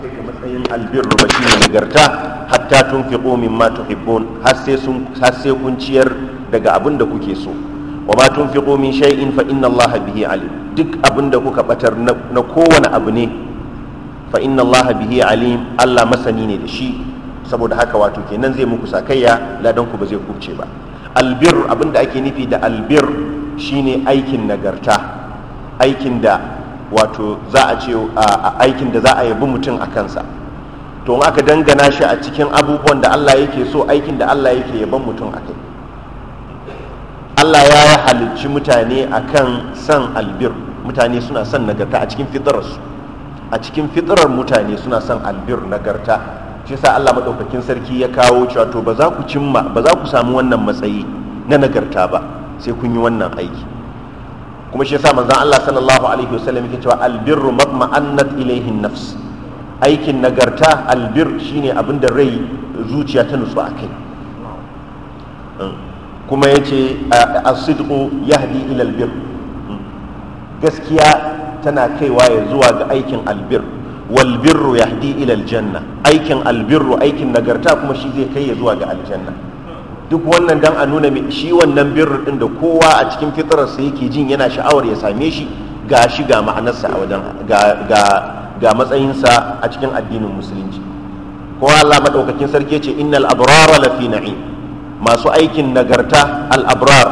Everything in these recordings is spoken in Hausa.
kai ga matsayin albirru ba ne nagarta hatta tun fi tuhibbun har har sai kun ciyar daga abin da kuke so wa ma fi min sha'in fa inna Allaha bihi alim duk abin da kuka batar na kowane abu ne fa inna Allaha bihi alim Allah masani ne da shi saboda haka wato kenan zai muku sakayya ladan ku ba zai kubce ba albir abin da ake nufi da albir shine aikin nagarta aikin da wato za a ce a aikin da za a yabi mutum a kansa to in aka dangana shi a cikin abubuwan da Allah yake so aikin da Allah yake yaban mutum a kai Allah ya halicci mutane a kan san albir mutane suna son nagarta a cikin fitararsu a cikin fitarar mutane suna son albir nagarta shi sa Allah maɗaukakin sarki ya kawo cewa to ba za ku cimma ba za ku samu wannan matsayi na nagarta ba sai kun yi wannan aiki kuma shi yasa manzon Allah sallallahu alaihi wasallam yake cewa albirru matma'annat ilayhi nafs aikin nagarta albir shine abin da rai zuciya ta nutsu akai hmm. kuma yace as-sidqu yahdi ila albir hmm. gaskiya tana kaiwa ya zuwa ga aikin albir wal birru yahdi ilal janna. aikin albirru aikin nagarta kuma shi zai kai ya zuwa ga aljanna duk wannan dan a nuna shi wannan birru din da kowa a cikin fitararsa yake jin yana sha'awar ya same shi ga shi ga ma'anarsa a wajen ga matsayinsa a cikin addinin musulunci Kowa Allah madaukakin sarki ce innal la fi na'im masu aikin nagarta al abrar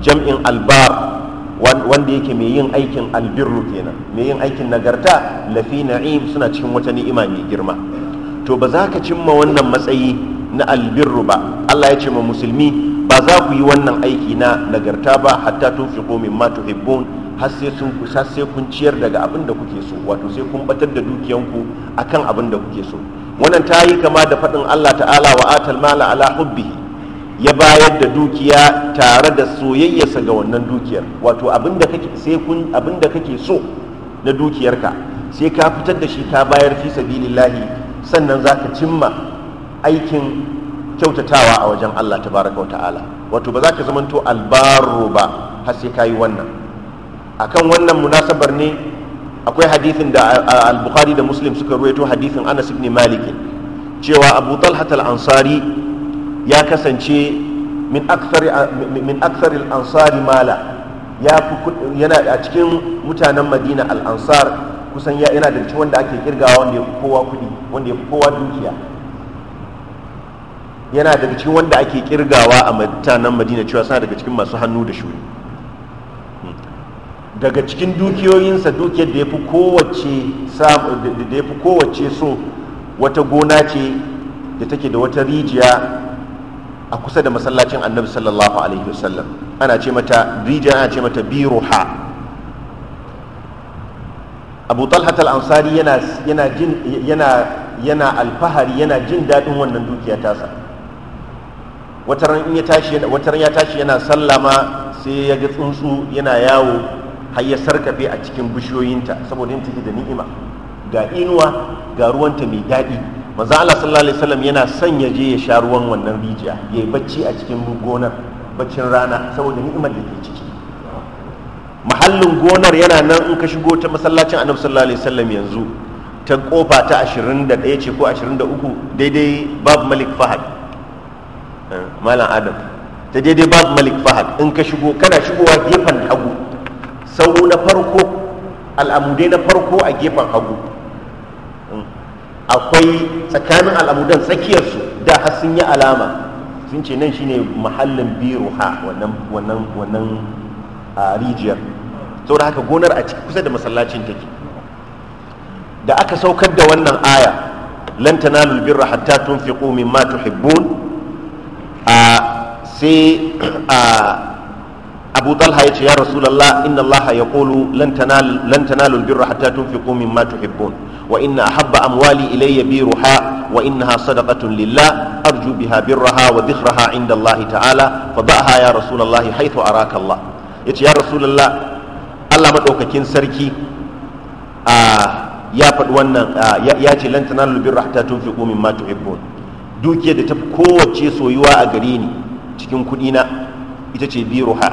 jam'in al-bar wanda yake mai yin aikin albirru kenan mai yin aikin nagarta fi na'im suna cikin wata ni'ima mai girma to ba za ka cimma wannan matsayi na albirru ba Allah ya ce ma musulmi ba za ku yi wannan aiki na nagarta ba hatta ma to tuhibbun har sai sun kusa sai kun ciyar daga abin da kuke so wato sai kun batar da dukiyanku akan abin da kuke so wannan ta yi kama da faɗin Allah ta'ala wa atal mala ala hubbihi ya bayar da dukiya tare da soyayyarsa ga wannan dukiyar wato abin da kake sai abin da kake so na dukiyarka sai ka fitar da shi ka bayar fi sabilillahi sannan zaka cimma aikin kyautatawa a wajen Allah tabaraka wa ta'ala wato ba za ka zamanto albaro ba har sai yi wannan kan wannan munasabar ne akwai hadithin da al-bukhari da muslim suka ruwaito hadithin anas ibn malik cewa abu talha al-ansari ya kasance min akthari min akthari al-ansari mala ya yana a cikin mutanen madina al-ansar kusan yana da cikin wanda ake kirgawa wanda ya kowa kudi wanda ya kowa dukiya yana daga cikin wanda ake kirgawa a mutanen madina cewa suna daga cikin masu hannu da shuri daga cikin dukiyoyinsa dukiyar da ya fi kowace so wata gona ce da take da wata rijiya a kusa da masallacin annabi sallallahu alaihi wasallam ana ce mata rijiya ana ce mata ha abu talhat al-ansari yana alfahari yana jin daɗin wannan dukiya tasa wataran in ya tashi wataran ya tashi yana sallama sai ya ga tsuntsu yana yawo har ya sarkafe a cikin bishiyoyinta saboda yin take da ni'ima ga inuwa ga ruwanta mai daɗi manzo Allah sallallahu alaihi wasallam yana son ya je ya sha ruwan wannan rijiya ya yi bacci a cikin gonar baccin rana saboda ni'imar da ke ciki mahallin gonar yana nan in ka shigo ta masallacin annabi sallallahu alaihi wasallam yanzu ta kofa ta 21 ce ko 23 daidai babu malik fahad Eh, malam adam ta daidai ba malik fahad in ka shigo kana shigowa gefen hagu sau na farko al'amudai na farko a gefen hagu hmm. akwai tsakanin al'amudan tsakiyarsu da har yi alama sun ce nan shine mahallin biruha ha wannan a rijiyar saboda haka gonar a kusa da masallacin take da aka saukar da wannan aya lan tanalul birra hatta ƙomin mimma tuhibbun sai a abu talha ya ce ya rasulallah inna allaha ya kulu lan tanalu tun fi tunfiqu mimma tuhibbun wa inna ahabba amwali ilayya biruha wa innaha sadaqatun lillah arju biha birraha wa dhikraha inda allah ta'ala fa da'ha ya rasulallah haythu araka allah yace ya rasulallah allah madaukakin sarki ya faɗi wannan ya ce lan tanalu tun fi tunfiqu mimma tuhibbun dukiyar da ta kowace soyuwa a gari ni cikin kuɗina ita ce biruha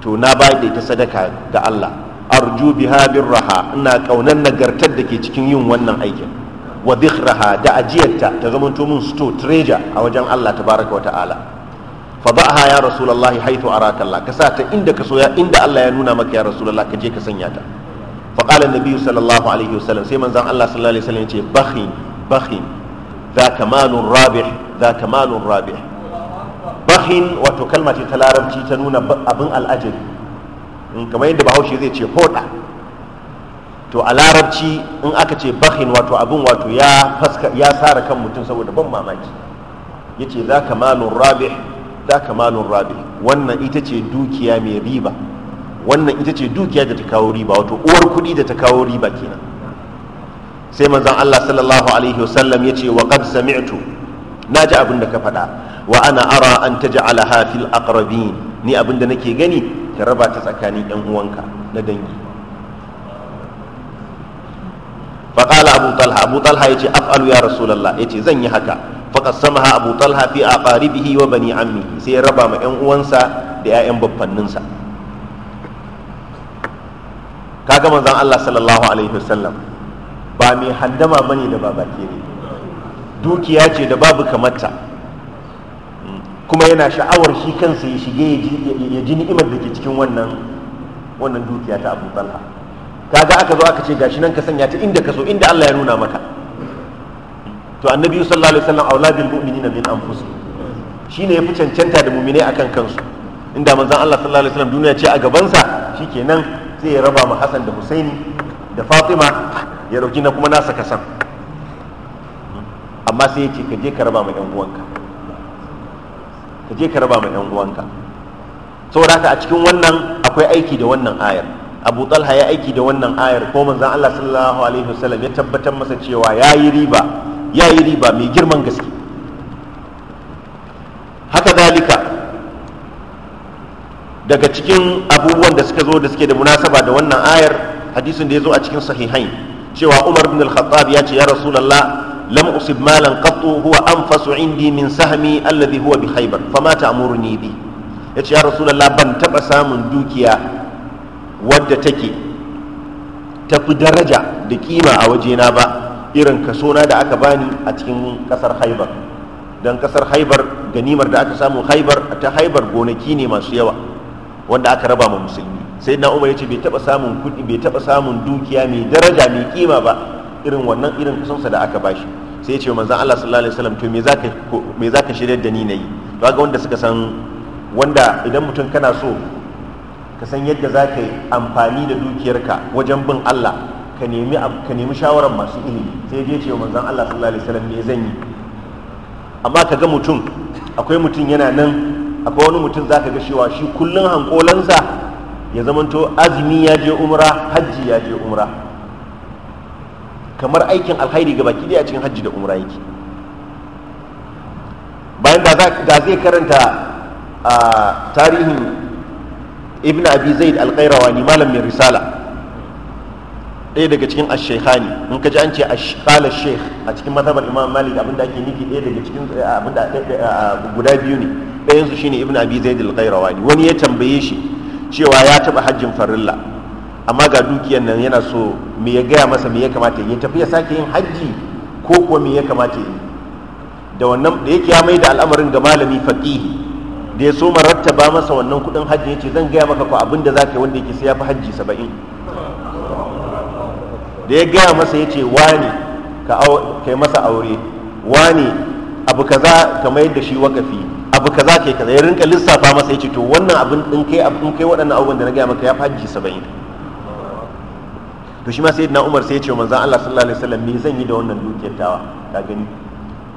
to na bayar da ita sadaka ga Allah arju biha birraha ina kaunar nagartar da ke cikin yin wannan aikin wa dhikraha da ajiyarta ta zamanto mun sto treja, a wajen Allah tabaraka wata'ala fa ba'aha ya rasulullahi haythu araka ka sa ta inda ka soya inda Allah ya nuna maka ya rasulullah ka je ka sanya ta fa qala an-nabiy sallallahu alaihi wasallam sai manzon Allah sallallahu alaihi wasallam ya ce bakhin bakhin za مال رابح za مال رابح bakhin wato kalma ce ta larabci ta nuna abin al'ajabi kamar yadda bahaushe zai ce hoda to a larabci in aka ce bakhin wato abin wato ya faska ya sara kan mutum saboda ban mamaki yace za kamalun za wannan ita ce dukiya mai riba wannan ita ce dukiya da ta kawo riba wato uwar kuɗi da ta kawo riba kenan sai manzon Allah sallallahu alaihi wasallam yace wa qad sami'tu naji abin da ka faɗa wa ana ara an taj'alaha fil aqrabin ni abin da nake gani ka raba ta tsakanin yan uwanka na dangi fa qala abu talha abu talha yace af'alu ya rasulullah yace zan yi haka fa qasamaha abu talha fi aqaribihi wa bani ammi sai ya raba ma yan uwansa da 'ya'yan baffanninsa kaga manzon Allah sallallahu alaihi wasallam ba mai handama bane da ne dukiya ce da babu kamata kuma yana sha'awar shi kansa ya shige ya ji ni'imar da ke cikin wannan wannan dukiya ta abu talha kaga aka zo aka ce gashi nan ka sanya ta inda ka so inda Allah ya nuna maka to annabi sallallahu alaihi wasallam auladul mu'minina min anfusih shine yafi cancanta da mu'mine akan kansu inda manzon Allah sallallahu alaihi wasallam duniya ce a gabansa shikenan sai ya raba mu Hassan da Husaini da Fatima ya dauki na kuma nasa kasan amma sai ya ce ka je ka raba ma yan uwanka ka je ka raba ma yan uwanka saboda haka a cikin wannan akwai aiki da wannan ayar abu talha ya aiki da wannan ayar ko manzan allah sallallahu alaihi wasallam ya tabbatar masa cewa ya yi riba ya yi riba mai girman gaske haka zalika daga cikin abubuwan da suka zo da suke da munasaba da wannan ayar hadisin da ya zo a cikin sahihain cewa umar bin al-khattab ya ce ya rasulullah lam usib malan qattu huwa anfasu indi min sahmi alladhi huwa bi khaybar fama ta'muruni bi yace ya rasulullah ban taba samun dukiya wadda take tafi daraja da kima a wajena ba irin kaso na da aka bani a cikin kasar haibar don kasar haibar ganimar da aka samu haibar ta haibar gonaki ne masu yawa wanda aka raba ma musulmi sai na umar ce bai taba samun kuɗi bai taba samun dukiya mai daraja mai kima ba irin wannan irin kusansa da aka bashi sai ya ce manzan Allah sallallahu alaihi wasallam to me zaka me zaka shirye da ni yi to ga wanda suka san wanda idan mutum kana so ka san yadda za ka yi amfani da dukiyarka wajen bin Allah ka nemi ka nemi shawarar masu ilimi sai je ce manzan Allah sallallahu alaihi wasallam me zan yi amma ka ga mutum akwai mutum yana nan akwai wani mutum zaka ga cewa shi kullun hankolansa ya zamanto azumi ya je umra hajji ya je umra kamar aikin alkhairi ga baki a cikin hajji da umra yake bayan da zai karanta a tarihin ibn abi zaid ni malam mai risala ɗaya daga cikin ne, in ka ji an ce ashekala sheikh a cikin mazhabar imam malik abinda ake nufi ɗaya daga cikin eh, abinda eh, eh, guda biyu ne ɗayansu shine ibn abi zaid alkairawani wani ya tambaye shi cewa ya taɓa hajjin farilla amma ga dukiyar nan yana so me ya gaya masa me ya kamata ya tafi ya sake yin hajji ko kuwa me ya kamata yi da wannan da yake ya mai da al'amarin ga malami faqihi da ya so ba masa wannan kudin hajji ya ce zan gaya maka ko abin da za ka yi wanda yake sai ya fi hajji saba'in da ya gaya masa ya ce wani ka yi masa aure wani abu kaza ka mayar da shi wakafi abu ka za ka yi kaza ya rinka lissafa masa ya ce to wannan abin ɗin kai abin kai waɗannan abubuwan da na gaya maka ya faji saba'in to shi ma sai na Umar sai ya ce wa manzan Allah sallallahu alaihi wasallam me zan yi da wannan dukiyar tawa ka gani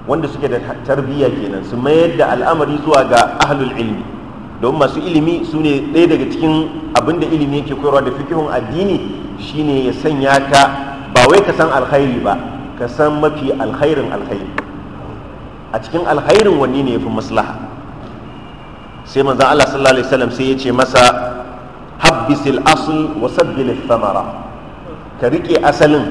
wanda suke da tarbiyya kenan su mayar da al'amari zuwa ga ahlul ilmi don masu ilimi su ne ɗaya daga cikin abin da ilimi yake koyarwa da fikihun addini shine ya sanya ka ba wai ka san alkhairi ba ka san mafi alkhairin alkhairi a cikin alkhairin wanne ne ya fi maslaha sai manzan Allah sallallahu alaihi wasallam sai ya ce masa habbisil asl wa sabbil thamara ka rike asalin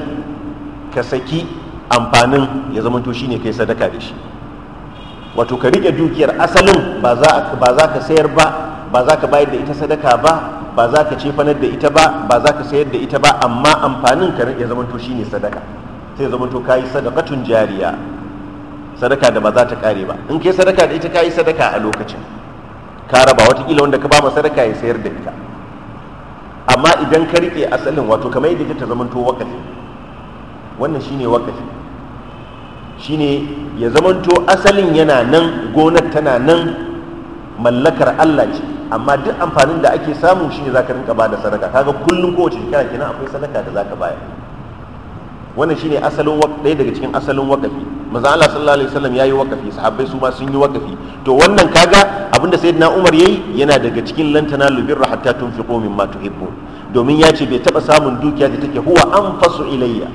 ka saki amfanin ya zama to shine kai sadaka da shi wato ka rike dukiyar asalin ba za ba za ka sayar ba ba za ka bayar da ita sadaka ba ba za ka cefanar da ita ba ba za ka sayar da ita ba amma amfanin ka ya zama to shine sadaka sai zama to kai sadaqatun jariya sadaka da ba za ta kare ba in kai sadaka da ita kai sadaka a lokacin ka raba watakila wanda ka ba ma sadaka ya sayar da ita amma idan ka rike asalin wato kamar yadda ta zamanto wakafi wannan shine wakafi shine ya zamanto asalin yana nan gonar tana nan mallakar Allah ce amma duk amfanin da ake samu shine zaka rinka ba da sadaka kaga kullum kowace shekara kenan akwai sadaka da zaka bayar wannan shine asalin ɗaya daga cikin asalin wakafi manzo Allah sallallahu alaihi wasallam yayi wakafi sahabbai su ma sun yi wakafi to wannan kaga abinda sayyidina Umar yayi yana daga cikin lantana lubir hatta tunfiqu mimma tuhibbu domin ya ce bai taba samun dukiya da take huwa anfasu ilayya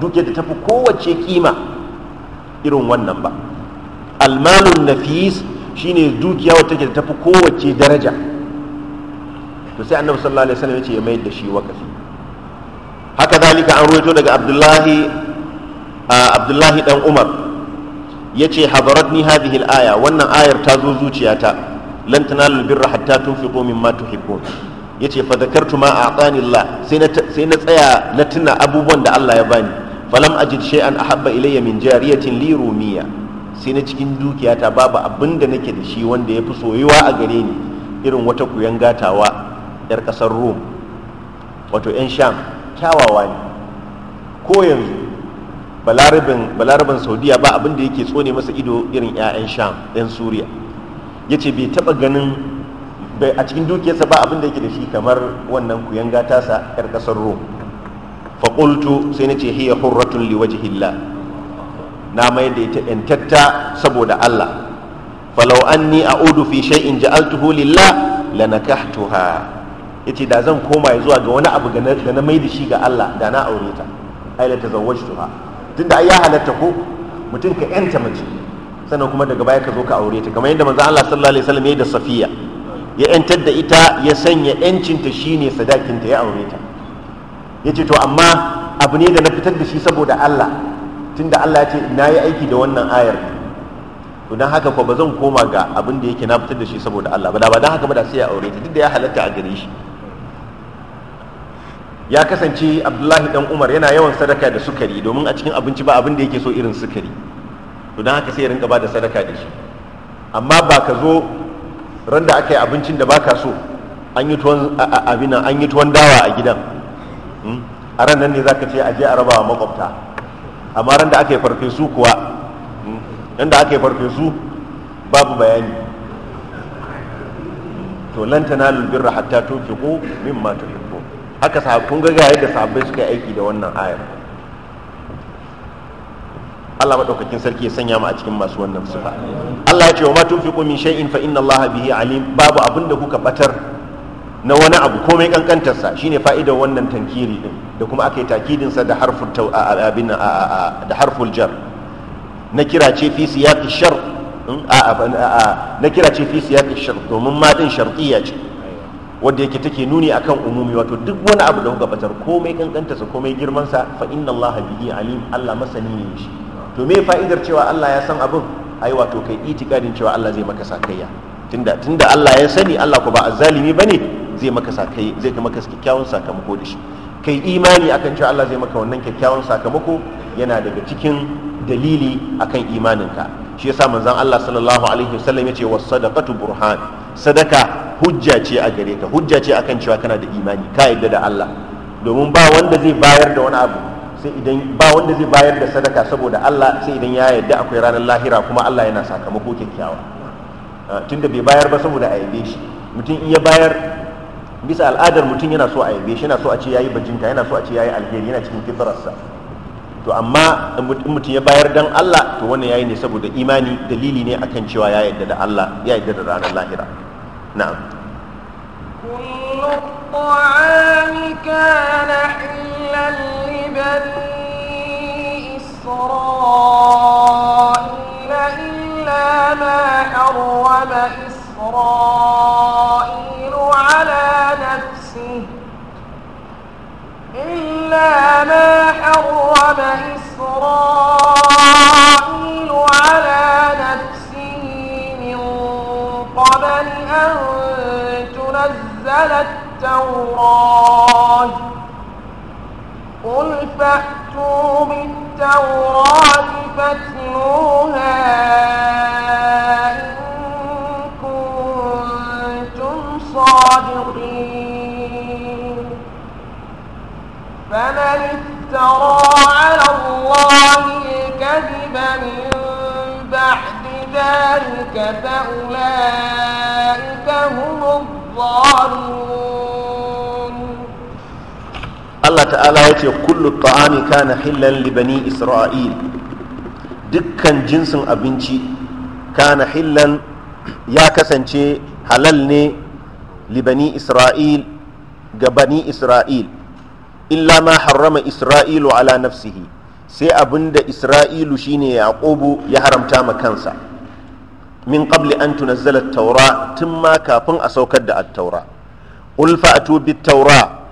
dukiya da tafi kowace kima irin wannan ba almalun nafis shine dukiya wata take da tafi kowace daraja to sai annabi sallallahu alaihi wasallam ya ce ya mayar da shi wakafi haka zalika an ruwaito daga abdullahi abdullahi dan umar ya ce hadaratni hadhihi al-aya wannan ayar ta zo zuciyata lan tanalu birra hatta tunfiqu mimma tuhibbun yace fa zakartu ma a'tani Allah sai na sai na tsaya na tuna abubuwan da Allah ya bani falam ajid shay'an ahabba ilayya min jariyatin li rumiya sai na cikin dukiyata babu abin da nake da shi wanda ya fi soyuwa a gare ni irin wata kuyan gatawa yar kasar Rum wato yan Sham kyawawa ne ko yanzu balarabin saudiya ba abin da yake tsone masa ido irin 'ya'yan sham 'yan suriya ya ce bai taɓa ganin a cikin dukiyarsa ba abin da yake da shi kamar wannan kuyanga tasa 'yar ƙasar rom faƙultu sai na ce hiya hurratun liwajihillah na mai da ita ‘yantatta saboda allah falau a a'udu fi shay'in ja'altuhu lillah Ya ce da zan koma zuwa ga wani abu da na mai da shi ga Allah da na aure ta ai la tuha. tunda ai ya halatta ko mutum ka yanta mace sannan kuma daga baya ka zo ka aure ta kamar yadda manzo Allah sallallahu alaihi wasallam yayin da Safiya ya yantar da ita ya sanya yancin ta shine sadakin ta ya aure ta yace to amma abu ne da na fitar da shi saboda Allah tunda Allah ya ce na yi aiki da wannan ayar to dan haka ko ba zan koma ga abin da yake na fitar da shi saboda Allah ba da ba dan haka ba da sai ya aure ta duk da ya halatta a gare shi ya kasance abdullahi dan umar yana yawan sadaka da sukari domin a cikin abinci ba abin da yake so irin sukari to don haka sai rinka ba da sadaka da shi amma ba ka zo ran da aka yi abincin da baka so an yi tuwon abinan an yi tuwon dawa a gidan hmm? a ran nan ne za ka ce a je a rabawa makwabta amma ran da aka yi farfesu kuwa hmm? ran da aka yi farfesu babu bayani to lan tanalul birra hatta ko min tuhibbu haka kun ga ga yadda sahabbai suka yi aiki da wannan ayar Allah madaukakin sarki ya sanya mu a cikin masu wannan sifa Allah ya ce wa ma tunfiqu min shay'in fa inna Allah bihi alim babu abin da kuka batar na wani abu komai kankantar sa shine fa'idar wannan tankiri din da kuma aka yi takidin sa da harful abin da harful jar na kira ce fi siyaqi shar hmm, na kira ce fi siyaqi shar domin ma din shartiyya ce wanda yake take nuni akan umumi wato duk wani abu da kuka batar komai kankantarsa komai girmansa fa inna allaha bihi alim allah masani ne shi to me fa'idar cewa allah ya san abin ai wato kai itikadin cewa allah zai maka sakayya tunda tunda allah ya sani allah ko ba azzalimi bane zai maka sakai zai maka kyakkyawan sakamako da shi kai imani akan cewa allah zai maka wannan kyakkyawan sakamako yana daga cikin dalili akan imaninka shi yasa manzon allah sallallahu alaihi wasallam yace was sadaqatu burhan sadaka hujja ce a gare ka hujja ce akan cewa kana da imani ka yadda da Allah domin ba wanda zai bayar da wani abu sai idan ba wanda zai bayar da sadaka saboda Allah sai idan ya yadda akwai ranar lahira kuma Allah yana sakamako kyakkyawa ah, tunda bai bayar ba saboda a yabe shi mutum in ya bayar bisa al'adar mutum yana so a yabe shi yana so a ce yayi bajinta yana so a ce yayi alheri yana cikin fitrarsa to amma in mutum ya bayar dan Allah to wannan yayi ne saboda imani dalili ne akan cewa ya yadda da Allah ya yadda da ranar lahira نعم كل الطعام كان حلا لبني إسرائيل إلا ما حرم إسرائيل على نفسه إلا ما التوراة قل فأتوا بالتوراة فاتلوها إن كنتم صادقين فمن افترى على الله الكذب من بعد ذلك فأولئك هم الظالمون Allah ta'ala ya ce kullu ta'ami kana hillan li bani isra'il dukkan jinsin abinci kana hillan ya kasance halal ne li bani isra'il ga bani isra'il illa ma harrama isra'ilu ala nafsihi sai abinda isra'ilu shine yaqubu ya haramta ma kansa min qabli an tunazzala at-taura tun ma kafin a saukar da at-taura ulfa atu bit-taura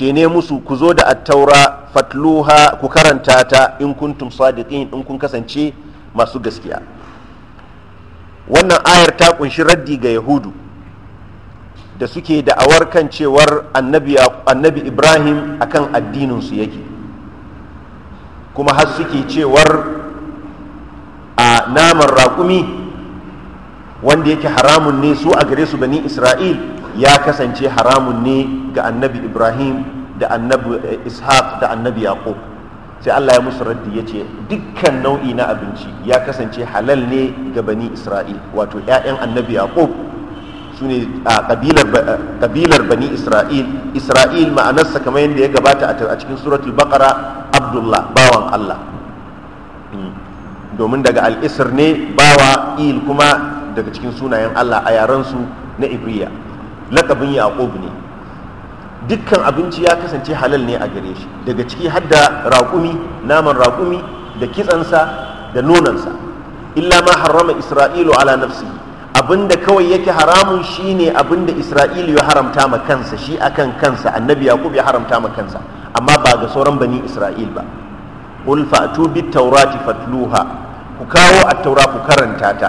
ce ne musu ku zo da attaura fatluha ku karanta ta in kuntum sadiqin in kun kasance masu gaskiya wannan ayar ta kunshi raddi ga yahudu da suke da'awar kan cewar annabi ibrahim akan addininsu yake kuma har suke cewar a naman raƙumi wanda yake haramun ne su a gare su bani isra'il ya kasance haramun ne ga annabi ibrahim da annabi ishaq da annabi yaqub sai allah ya musu raddi ya ce dukkan nau'i na abinci ya kasance halal ne ga bani isra'il wato 'ya'yan annabi yaqub su ne a kabilar bani isra'il isra'il ma'anarsa kamar yadda ya gabata a cikin suratul baqara abdullah bawan allah hmm. domin daga al'isir ne bawa il kuma daga cikin sunayen allah a yarensu na ibriya lakabin yaqub ne dukkan abinci ya kasance halal ne a gare shi daga ciki har da raƙumi naman raƙumi da kitsansa da nonansa illa ma harama isra'ilu ala nafsi da kawai yake haramun shine abinda isra'ilu ya haramta ma kansa shi akan kansa annabi yaqub ya haramta ma kansa amma ba ga sauran bani isra'il ba qul fa'tu bit tawrati fatluha ku kawo at-taura ku karanta ta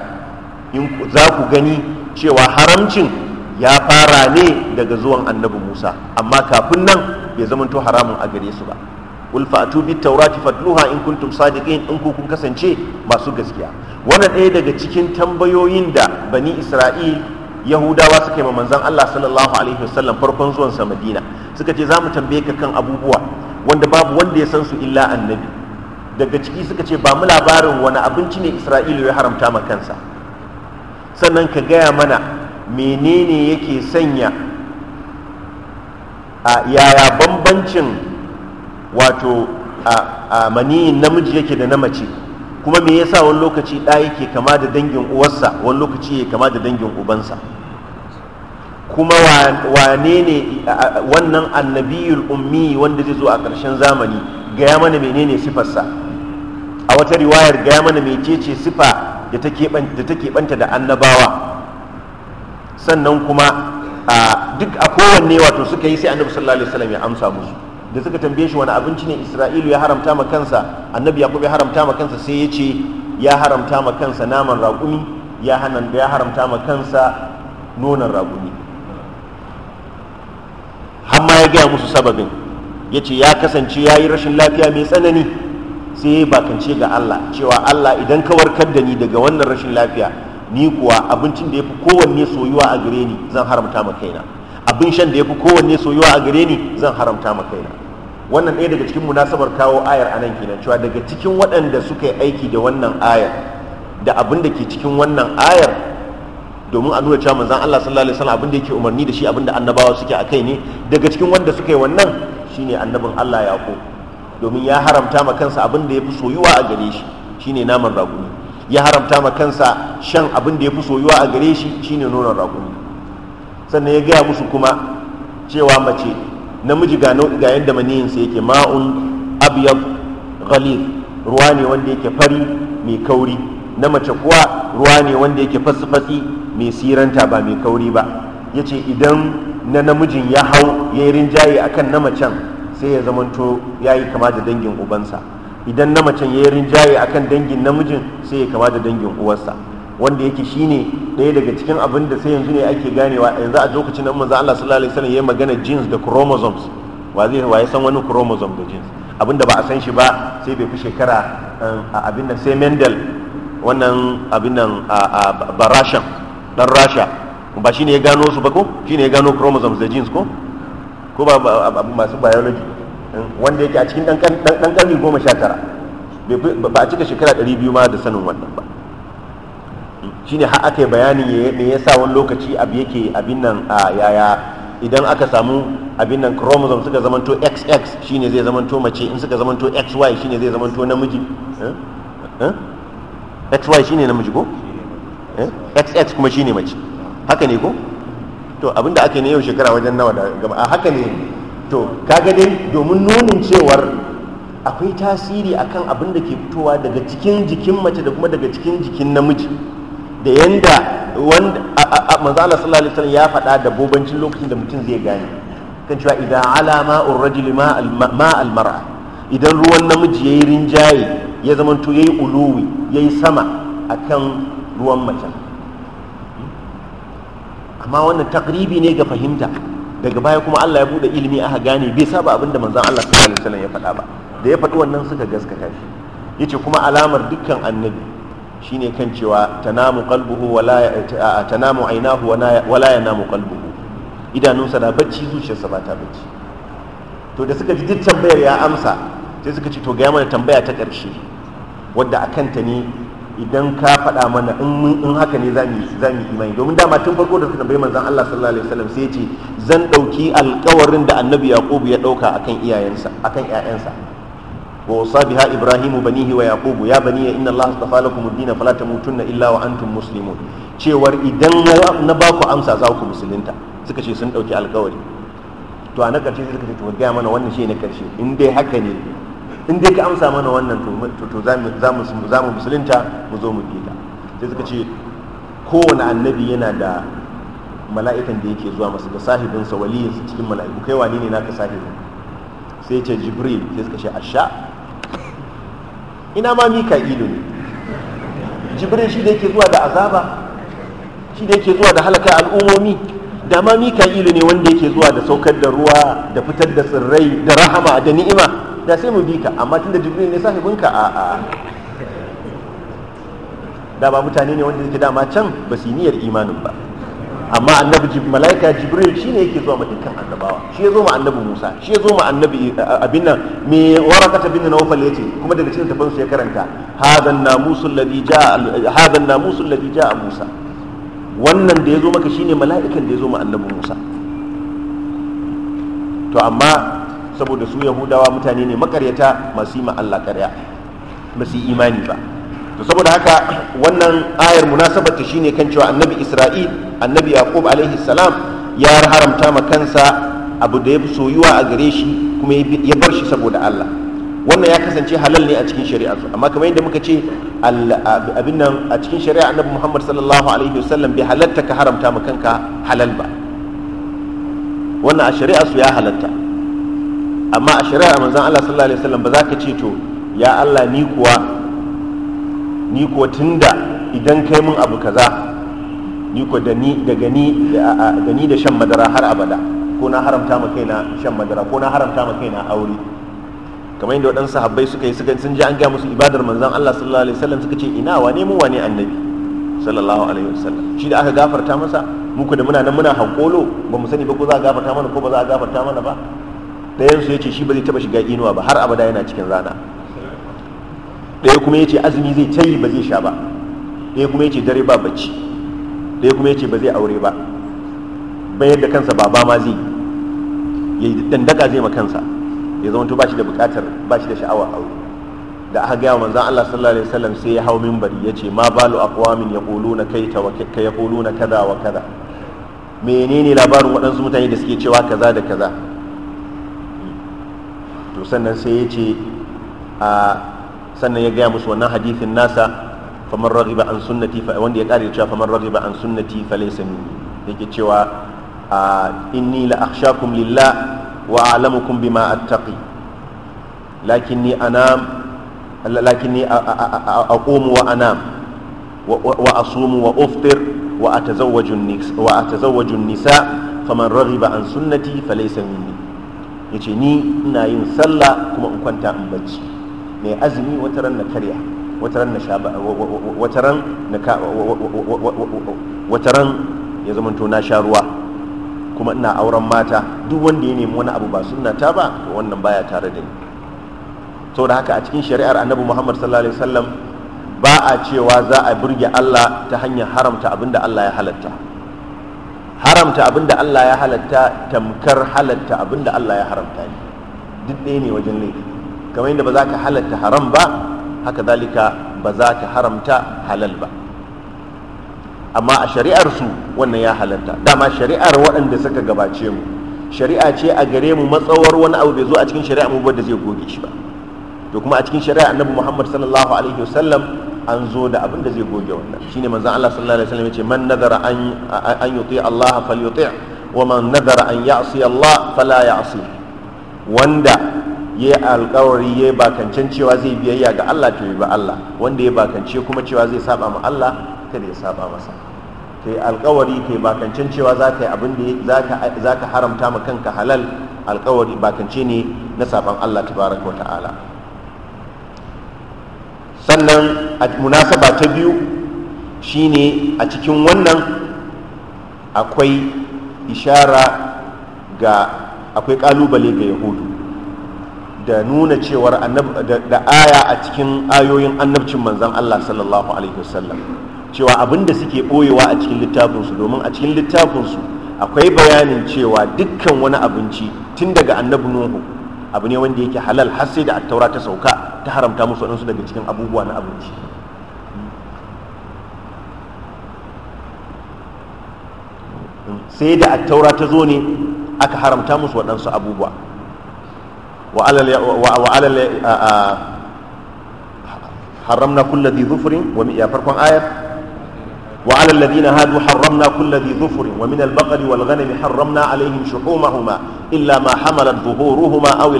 in za ku gani cewa haramcin ya fara ne daga zuwan annabi musa amma kafin nan bai zamanto haramun a gare su ba qul fa'tu bit tawrati fatluha in kuntum sadiqin in kun kasance masu gaskiya wannan ɗaya daga cikin tambayoyin da bani isra'il yahudawa suka yi ma manzon Allah sallallahu alaihi wasallam farkon zuwan sa madina suka ce za mu tambaye ka kan abubuwa wanda babu wanda ya san su illa annabi daga ciki suka ce ba mu labarin wani abinci ne isra'ilu ya haramta ma kansa sannan ka gaya mana menene yake sanya a yaya bambancin wato a maniyin namiji yake da na mace kuma me yasa wani lokaci ɗa yake kama da dangin uwarsa wani lokaci yake kama da dangin ubansa kuma wane ne wannan annabiyul ummi wanda zai zo a ƙarshen zamani gaya mana menene sifarsa a wata riwayar gaya mana mecece sifa da ta keɓanta da annabawa sannan kuma a duk a kowanne wato suka yi sai annabi sallallahu alaihi wasallam ya amsa musu da suka tambaye shi wani abinci ne isra'ilu ya haramta ma kansa annabi yaqub ya haramta ma kansa sai ya ce ya haramta ma kansa naman raƙumi ya hanan ya haramta ma kansa nonon raƙumi har ma ya gaya musu sababin ya ce ya kasance ya yi rashin lafiya mai tsanani sai ya bakance ga allah cewa allah idan ka warkar da ni daga wannan rashin lafiya ni kuwa abincin da ya fi kowanne soyuwa a gare ni zan haramta ma kaina abin shan da ya fi kowanne soyuwa a gare ni zan haramta ma kaina wannan ɗaya daga cikin munasabar kawo ayar a nan kenan cewa daga cikin waɗanda suka yi aiki da wannan ayar da abin da ke cikin wannan ayar domin a nuna cewa manzon Allah sallallahu alaihi wasallam abin da yake umarni da shi abin da annabawa suke a kai ne daga cikin wanda suka yi wannan shine annabin Allah Yaqub domin ya haramta ma kansa abin da ya fi soyuwa a gare shi shine naman raguni ya haramta ma kansa shan abin da ya fi soyuwa a gare shi shine nonon raƙumi sannan ya gaya musu kuma cewa mace namiji ga ga yadda maniyinsa yake ma'un abyad ghalid ruwa ne wanda yake fari mai kauri na mace kuwa ruwa ne wanda yake fasfasi mai siranta ba mai kauri ba ya ce idan na namijin ya hau ya yi rinjaye akan na macen sai ya zamanto ya yi kama da dangin ubansa idan na macen ya yi rinjaye kan dangin namijin sai ya kama da dangin uwarsa wanda yake shine ɗaya daga cikin abin da sai yanzu ne ake ganewa yanzu a lokacin nan manzo Allah sallallahu alaihi wasallam yayi magana jeans da chromosomes wa zai wa san wani chromosome da jeans abin da ba a san shi ba sai bai fi shekara um, a abin nan sai Mendel wannan abin nan a Barashan dan Rasha ba shine ya gano su ba ko shine ya gano chromosomes da jeans ko ko ba masu biology wanda yake a cikin ɗan ƙarni goma sha tara ba a cika shekara ɗari biyu ma da sanin wannan ba shine har aka yi bayanin me yasa wani lokaci abu yake abin nan a yaya idan aka samu abin nan chromosome suka zamanto xx shine zai zamanto mace in suka zamanto xy shine zai zamanto namiji eh? eh? xy shine namiji ko xx eh? kuma shine mace haka ne ko to abinda ake ne yau shekara wajen nawa da gaba haka ne to kaga dai domin nunin cewar akwai tasiri akan abin da ke fitowa daga cikin jikin mace da kuma daga cikin jikin namiji da yanda wanda manzala sallallahu alaihi wasallam ya faɗa da bobancin lokacin da mutum zai gane kan cewa idan ala ma'ur ma al idan ruwan namiji yayi rinjaye ya zamanto yayi uluwi yayi sama akan ruwan mace amma wannan takribi ne ga fahimta daga baya kuma Allah ya buɗe ilimi aka gane bai saba abinda manzon Allah sallallahu alaihi wasallam ya faɗa ba da ya faɗi wannan suka gaskata shi yace kuma alamar dukkan annabi shine kan cewa tanamu qalbuhu wala tanamu aynahu wala namu qalbuhu idanunsa da bacci zuciyarsa ba ta bacci to da suka ji duk tambayar ya amsa sai suka ce to ga mana tambaya ta ƙarshe wadda akan ta ne idan ka faɗa mana in haka ne za mu imani domin dama tun farko da suka bai manzan Allah sallallahu alaihi wasallam sai ce zan ɗauki alkawarin da annabi yaqubu ya ɗauka akan iyayensa akan ƴaƴansa wa wasa biha ibrahimu banihi wa yaqubu ya bani inna Allah astafa lakum ad-din fala tamutunna illa wa antum cewar idan na ba ku amsa za ku musulunta suka ce sun ɗauki alkawari to a na ƙarshe suka ce to ga mana wannan shi ne ƙarshe in dai haka ne in dai ka amsa mana wannan to za mu musulunta mu zo mu bita sai suka ce kowane annabi yana da mala'ikan da yake zuwa masu da sahibinsa waliyinsa cikin mala'iku kai wani ne na ka sahibin sai ce jibril sai suka ce asha ina ma mika mika'ilu ne jibril shi da yake zuwa da azaba shi da yake zuwa da halaka al'umomi da ma mika ilu ne wanda yake zuwa da saukar da ruwa da fitar da tsirrai da rahama da ni'ima da sai mu bi ka amma tunda jibril ne sahibinka a a da ba mutane ne wanda yake dama can ba su niyyar imanin ba amma annabi malaika jibril shine yake zuwa ma dukkan annabawa shi ya zo ma annabi musa shi ya zo ma annabi abin nan me warakata bin nawfal yace kuma daga cikin tafansu ya karanta hadan namusul ladhi jaa hadan namusul ladhi jaa musa wannan da ya zo maka shine mala'ikan da ya zo ma annabi musa to amma saboda su yahudawa mutane ne makaryata masu yi Allah karya ba su imani ba to saboda haka wannan ayar munasabar ta shine kan cewa annabi isra'il annabi yaqub alaihi salam ya haramta ma kansa abu da ya fi soyuwa a gare shi kuma ya bar shi saboda Allah wannan ya kasance halal ne a cikin shari'a amma kamar yadda muka ce abin nan a cikin shari'a annabi Muhammad sallallahu alaihi wasallam bai halatta ka haramta ma kanka halal ba wannan a shari'a su ya halatta amma a shari'a manzan Allah sallallahu alaihi wasallam ba za ka ce to ya Allah ni kuwa ni kuwa tunda idan kai mun abu kaza ni kuwa da ni da gani da ni da shan madara har abada ko na haramta ma kaina shan madara ko na haramta ma kaina aure kamar yadda waɗansu sahabbai suka yi suka sun ji an gaya musu ibadar manzan Allah sallallahu alaihi wasallam suka ce ina wane mu wane annabi sallallahu alaihi wasallam shi da aka gafarta masa muku da muna nan muna hankolo ba mu sani ba ko za a gafarta mana ko ba za a gafarta mana ba ɗayan su ce shi ba zai taba shiga inuwa ba har abada yana cikin rana ɗaya kuma ya ce azumi zai tayi ba zai sha ba ɗaya kuma ya ce dare ba bacci ɗaya kuma ya ce ba zai aure ba ba da kansa baba ma zai ya yi dandaka zai ma kansa ya zama to shi da buƙatar ba shi da sha'awar aure da aka gaya manzan Allah sallallahu alaihi wasallam sai ya hau ya ce ma balu aqwamin yaquluna kaita wa yaquluna kaza wa kaza menene labarin waɗansu mutane da suke cewa kaza da kaza to sannan sai ya ce a sannan ya gaya musu wannan hadithin nasa faman an sunnati wanda ya kare cewa faman raghiba an sunnati fa laysa minni yake cewa inni la akhshakum lillah wa a'lamukum bima attaqi lakinni anam lakinni aqumu wa anam wa asumu wa uftir wa atazawwaju an-nisa wa atazawwaju an-nisa faman raghiba an sunnati fa laysa minni ya ce ni ina yin sallah kuma in kwanta in bacci mai azumi wata ran na karya wata ran ya zama to na sha ruwa kuma ina auren mata duk wanda ya nemi wani abu ba sunna ta ba to wannan baya tare da ni da haka a cikin shari'ar annabi muhammad sallallahu alaihi wasallam ba a cewa za a burge allah ta hanyar haramta abinda allah ya halatta haramta abinda Allah ya halatta tamkar halatta abinda Allah ya haramta ne duk ɗaya ne wajen laifi kamar yadda ba za ka halatta haram ba haka zalika ba za ka haramta halal ba amma a shari'ar su wannan ya halatta dama shari'ar waɗanda suka gabace mu shari'a ce a gare mu matsawar wani abu bai zo a cikin shari'a mu ba da zai goge shi ba to kuma a cikin shari'a annabi Muhammad sallallahu alaihi wasallam an zo da abin da zai goge wannan shine manzon Allah sallallahu alaihi wasallam yace man nadara an an yuti Allah falyuti wa man nadara an ya'si Allah fala ya'si wanda ya yi alkawari ya yi bakancen cewa zai biyayya ga Allah to yi ba Allah wanda ya bakance kuma cewa zai saba ma Allah kada ya saba masa kai alkawari kai bakancen cewa za ka yi abin da za ka haramta ma kanka halal alkawari bakance ne na saban Allah tabaraka wa ta'ala sannan a munasaba ta biyu shine a cikin wannan akwai ishara ga akwai kalubale ga yahudu da nuna cewar da aya a cikin ayoyin annabcin manzan Allah sallallahu alaihi wasallam cewa abinda suke ɓoyewa a cikin littafinsu domin a cikin littafinsu akwai bayanin cewa dukkan wani abinci tun daga annabi abu ne wanda yake halal har sai da attaura ta sauka ta haramta musu waɗansu daga cikin abubuwa na abinci sai da attaura ta zo ne aka haramta musu waɗansu abubuwa wa alal haramna kulli dhufrin wa ya farkon ayat وعلى الذين هادوا حرمنا كل ذي ظفر ومن البقر والغنم حرمنا عليهم شحومهما إلا ما حملت ظهورهما أو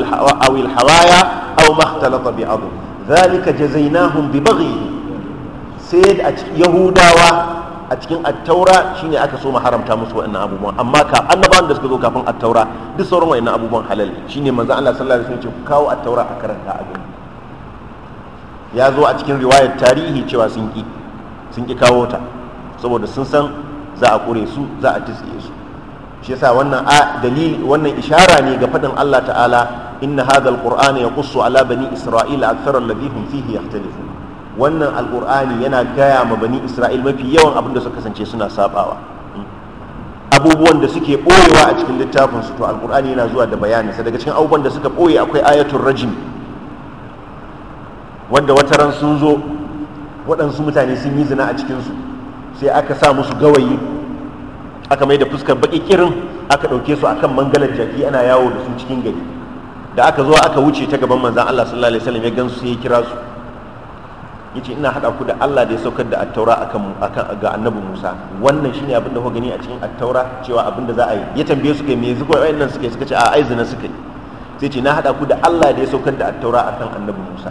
أو الحوايا أو ما اختلط بعظم ذلك جزيناهم ببغيهم سيد يهودا a cikin attaura shine aka so haramta musu wa'annan abubuwan amma ka annabawan da suka zo kafin attaura duk sauran wa'annan abubuwan halal shine manzo Allah sallallahu alaihi ce ku kawo attaura a karanta a gani ya zo a cikin riwayar tarihi cewa sun sun ki kawo ta saboda sun san za a kure su za a tisye su shi yasa wannan a dalil wannan ishara ne ga fadin Allah ta'ala inna hadha alqur'ana yaqussu ala bani isra'ila akthara alladhi hum fihi yahtalifun wannan alqur'ani yana gaya ma bani isra'il mafi yawan abin da suka kasance suna sabawa abubuwan da suke boyewa a cikin littafin su to alqur'ani yana zuwa da bayani sa daga cikin abubuwan da suka boye akwai ayatul rajim wanda wataran sun zo waɗansu mutane sun yi zina a cikinsu sai aka sa musu gawayi aka mai da fuskar baki kirin aka ɗauke su akan mangalar jaki ana yawo da su cikin gari da aka zo aka wuce ta gaban manzan Allah sallallahu alaihi wasallam ya su sai ya kira su yace ina hada ku da Allah da ya saukar da attaura akan akan ga annabi Musa wannan shine abin da ku gani a cikin attaura cewa abin da za a yi ya tambaye su kai me zuwa wayannan suke suka ce a ai zina suka yi sai ce na hada ku da Allah da ya saukar da attaura akan annabi Musa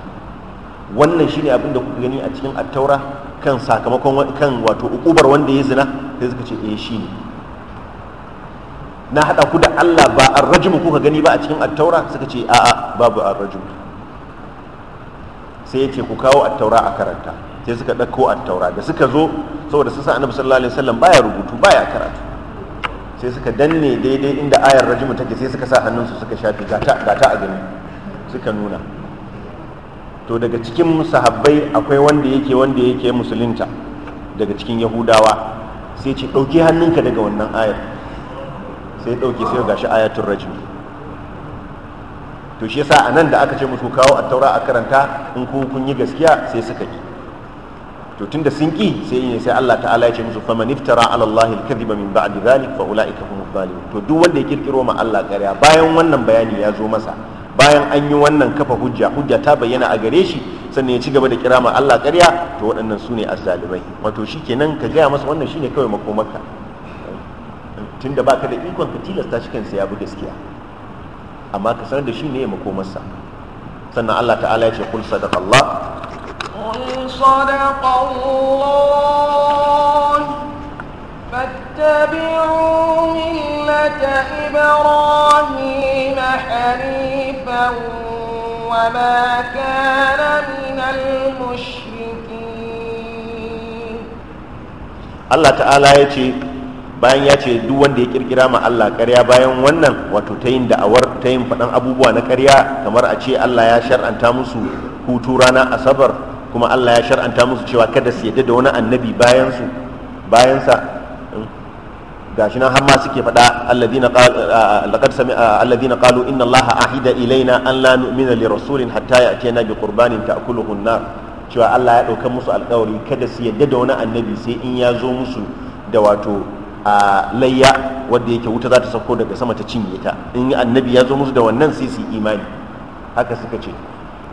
wannan shine abin da kuka gani a cikin attaura kan sakamakon kan wato ukubar wanda ya zina sai suka ce eh shi ne na hada ku da Allah ba rajimu kuka gani ba a cikin attaura suka ce a'a babu arrajmu sai yace ku kawo attaura a karanta sai suka dauko attaura da suka zo saboda sun san annabi sallallahu alaihi wasallam baya rubutu baya karatu sai suka danne daidai inda ayar rajimu take sai suka sa hannunsu suka shafe gata a gani suka nuna to daga cikin sahabbai akwai wanda yake wanda yake musulunta daga cikin yahudawa sai ce ɗauki hannunka daga wannan ayar sai ɗauki sai gashi ayatul rajmi to shi yasa nan da aka ce musu kawo a taura a karanta in ku kun yi gaskiya sai suka yi to tunda sun ki sai ne sai Allah ta'ala ya ce musu man iftara ala Allah al-kadhiba min ba'di dhalik fa ulaika humu zalimun to duk wanda ya kirkiro ma Allah ƙarya bayan wannan bayani ya zo masa bayan an yi wannan kafa hujja hujja ta bayyana a gare shi sannan ya ci gaba da kira ma Allah ƙarya to waɗannan su ne azzalimai wato shikenan ka gaya masa wannan shine kawai makomarka tunda baka da ikon ka tilasta shi kansa ya bi gaskiya amma ka sanar da shi ne makomarsa sannan Allah ta'ala ya ce kul sadaqa Allah kul sadaqa Allah fattabi'u millata ibrahim hanif وما كان من المشركين الله تعالى يتي bayan ya ce duk wanda ya kirkira ma Allah ƙarya bayan wannan wato ta yin da'awar ta yin faɗan abubuwa na ƙarya kamar a ce Allah ya shar'anta musu hutu rana asabar kuma Allah ya shar'anta musu cewa kada su yadda da wani annabi bayan sa. gashi nan har ma suke faɗa alladina laqad sami'a alladina qalu inna allaha ahida ilaina an la nu'mina li rasulin hatta ya'tina bi qurbanin ta'kuluhu an-nar cewa Allah ya dauka musu alƙawari kada su yadda da wani annabi sai in ya zo musu da wato a layya wanda yake wuta za ta sauko daga sama ta cinye ta in annabi ya zo musu da wannan sai su imani haka suka ce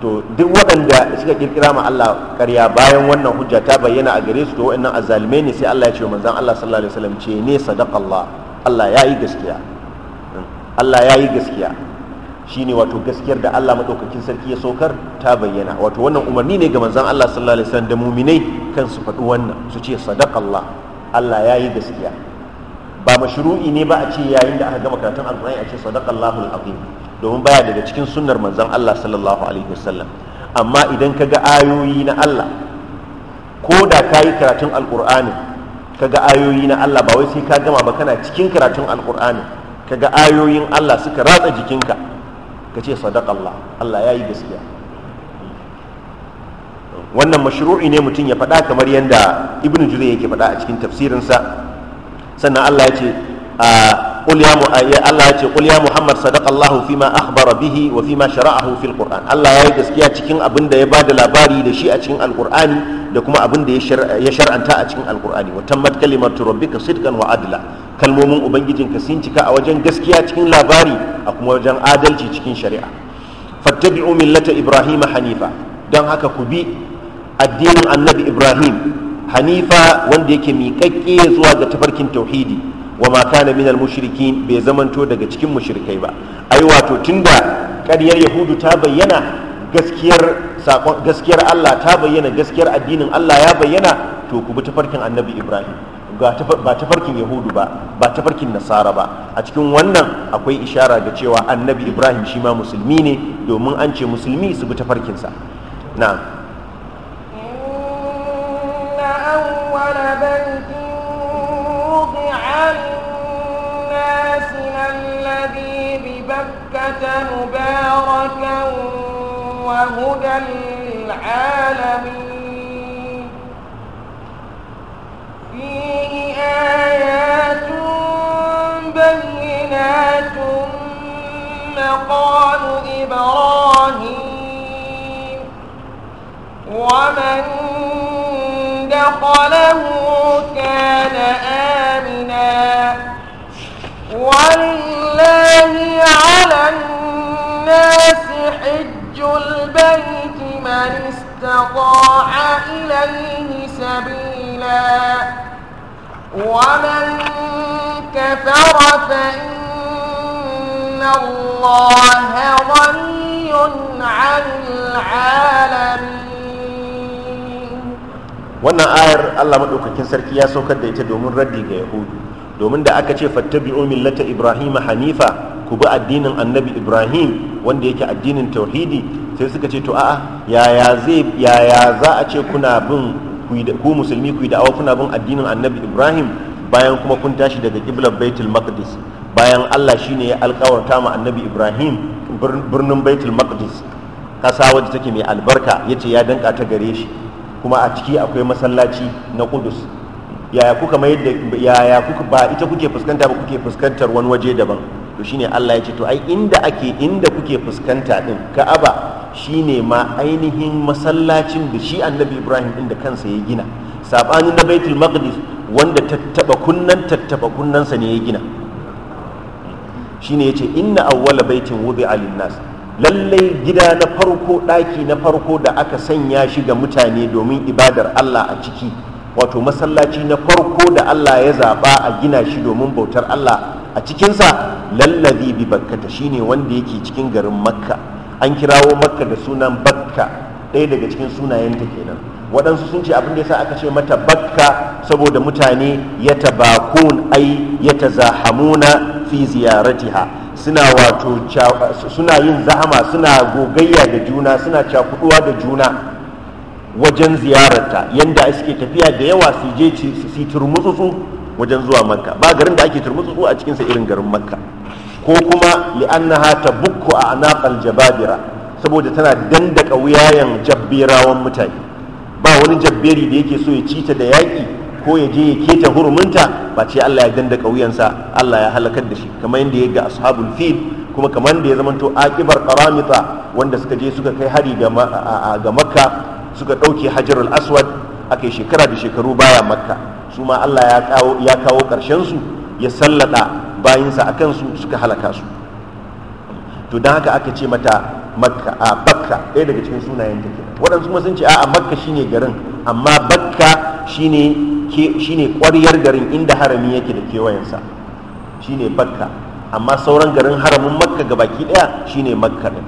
to duk waɗanda suka kirkira ma Allah ƙarya bayan wannan hujja ta bayyana a gare su to wa'annan azalimai ne sai Allah ya ce wa manzon Allah sallallahu alaihi wasallam ce ne sadaqallah Allah ya yi gaskiya hmm. Allah ya yi gaskiya shine wato gaskiyar da Allah madaukakin sarki ya saukar ta bayyana wato wannan umarni ne ga manzon Allah sallallahu alaihi wasallam da muminai kan su faɗi wannan su ce sadaqallah Allah yi gaskiya ba mashru'i ne ba a ce yayin da aka gama karatun alqur'ani a ce sadaqallahul azim domin baya daga cikin sunnar Manzan Allah sallallahu alaihi wasallam amma idan ka ga ayoyi na Allah ko da ka yi karatun alƙur'ani ka ga ayoyi na Allah ba wai sai ka gama ba kana cikin karatun alƙur'ani ka ga ayoyin Allah suka ratsa jikinka ka ce sadaqallah Allah Allah ya yi gaskiya wannan mashru'i ne mutum ya faɗa kamar yadda ibnu jure yake faɗa a cikin tafsirinsa sannan Allah ya ce a ah, Allah ya ce qul ya Muhammad sadaqallahu fima akhbara bihi wa fima shara'ahu fil Qur'an Allah ya yi gaskiya cikin abin da ya bada labari da shi a cikin al da kuma abin da ya shar'anta a cikin Al-Qur'ani wa tammat kalimatu rabbika sidqan wa adla kalmomin ubangijinka sun cika a wajen gaskiya cikin labari a kuma wajen adalci cikin shari'a fattabi'u millata ibrahima hanifa don haka ku bi addinin annabi ibrahim hanifa wanda yake miƙaƙƙe zuwa ga tafarkin tauhidi wa ma kana min mushiriki bai zamanto daga cikin mushrikai ba ai wato tunda ƙaryar yahudu ta bayyana gaskiyar sakon gaskiyar Allah ta bayyana gaskiyar addinin Allah ya bayyana to ku bi tafarkin annabi Ibrahim ba tafarkin yahudu ba ba tafarkin nasara ba a cikin wannan akwai ishara ga cewa annabi ibrahim shi ma musulmi ne domin an ce musulmi su bi tafarkinsa na'am بكة مباركا وهدى للعالمين فيه آيات بينات مقام إبراهيم ومن دخله كان من استطاع إليه سبيلا ومن كفر فإن الله غني عن العالمين wannan ayar Allah maɗaukakin sarki ya saukar da ita domin raddi ga Yahudu domin da aka ce fattabi'u millata Ibrahim hanifa ku bi addinin annabi ibrahim wanda yake addinin tauhidi sai suka ce to a'a yaya zai yaya za a ce kuna bin ku musulmi ku yi da'awa kuna bin addinin annabi ibrahim bayan kuma kun tashi daga kiblar baitul maqdis bayan allah shine ya alkawarta ma annabi ibrahim birnin baitul maqdis kasa wadda take mai albarka yace ya danka ta gare shi kuma a ciki akwai masallaci na kudus yaya kuka mai yaya kuka ba ita kuke fuskanta ba kuke fuskantar wani waje daban to shine Allah ya ce to ai inda ake inda kuke fuskanta din Ka'aba shine ma ainihin masallacin da shi Annabi Ibrahim inda kansa ya gina sabanin na Baitul Maqdis wanda tattaba kunnan tattaba kunnansa ne ya gina shine yace inna awwala baitin wudi'a lin-nas lallai gida na farko daki na farko da aka sanya shi ga mutane domin ibadar Allah a ciki wato masallaci na farko da Allah ya zaba a gina shi domin bautar Allah a cikinsa lallazi bi bakkata shine wanda yake cikin garin makka an kirawo makka da sunan bakka ɗaya daga cikin sunayenta kenan waɗansu sun ce abin da yasa aka ce mata bakka saboda mutane ya tabakun ai ya tazahamuna fi ziyaratiha suna wato suna yin zahama suna gogayya da juna suna cakuduwa da juna wajen ziyararta Yanda suke tafiya da yawa su je su turmutsu wajen zuwa makka ba garin da ake turmutsutsu a cikinsa irin garin makka ko kuma li'annaha tabukku a anaqal jababira saboda tana dandaka wuyayen jabberawan mutane ba wani jabberi da yake so ya cita da yaƙi ko ya je ya keta hurumunta ba ce Allah ya dandaka wuyansa Allah ya halakar da shi kamar yadda ya ga ashabul fil kuma kamar da ya zamanto akibar qaramita wanda suka je suka kai hari ga ga makka suka ɗauke hajarul aswad akai shekara da shekaru baya makka su ma Allah ya kawo ƙarshen su ya sallada bayinsa a kansu suka halaka su to don haka aka ce mata makka a bakka ɗaya daga cikin sunayen take waɗansu kuma sun ce a'a makka shine garin amma bakka shine shine ƙwaryar garin inda harami yake da kewayensa shine bakka amma sauran garin haramin makka gabaki ɗaya shine makka ɗin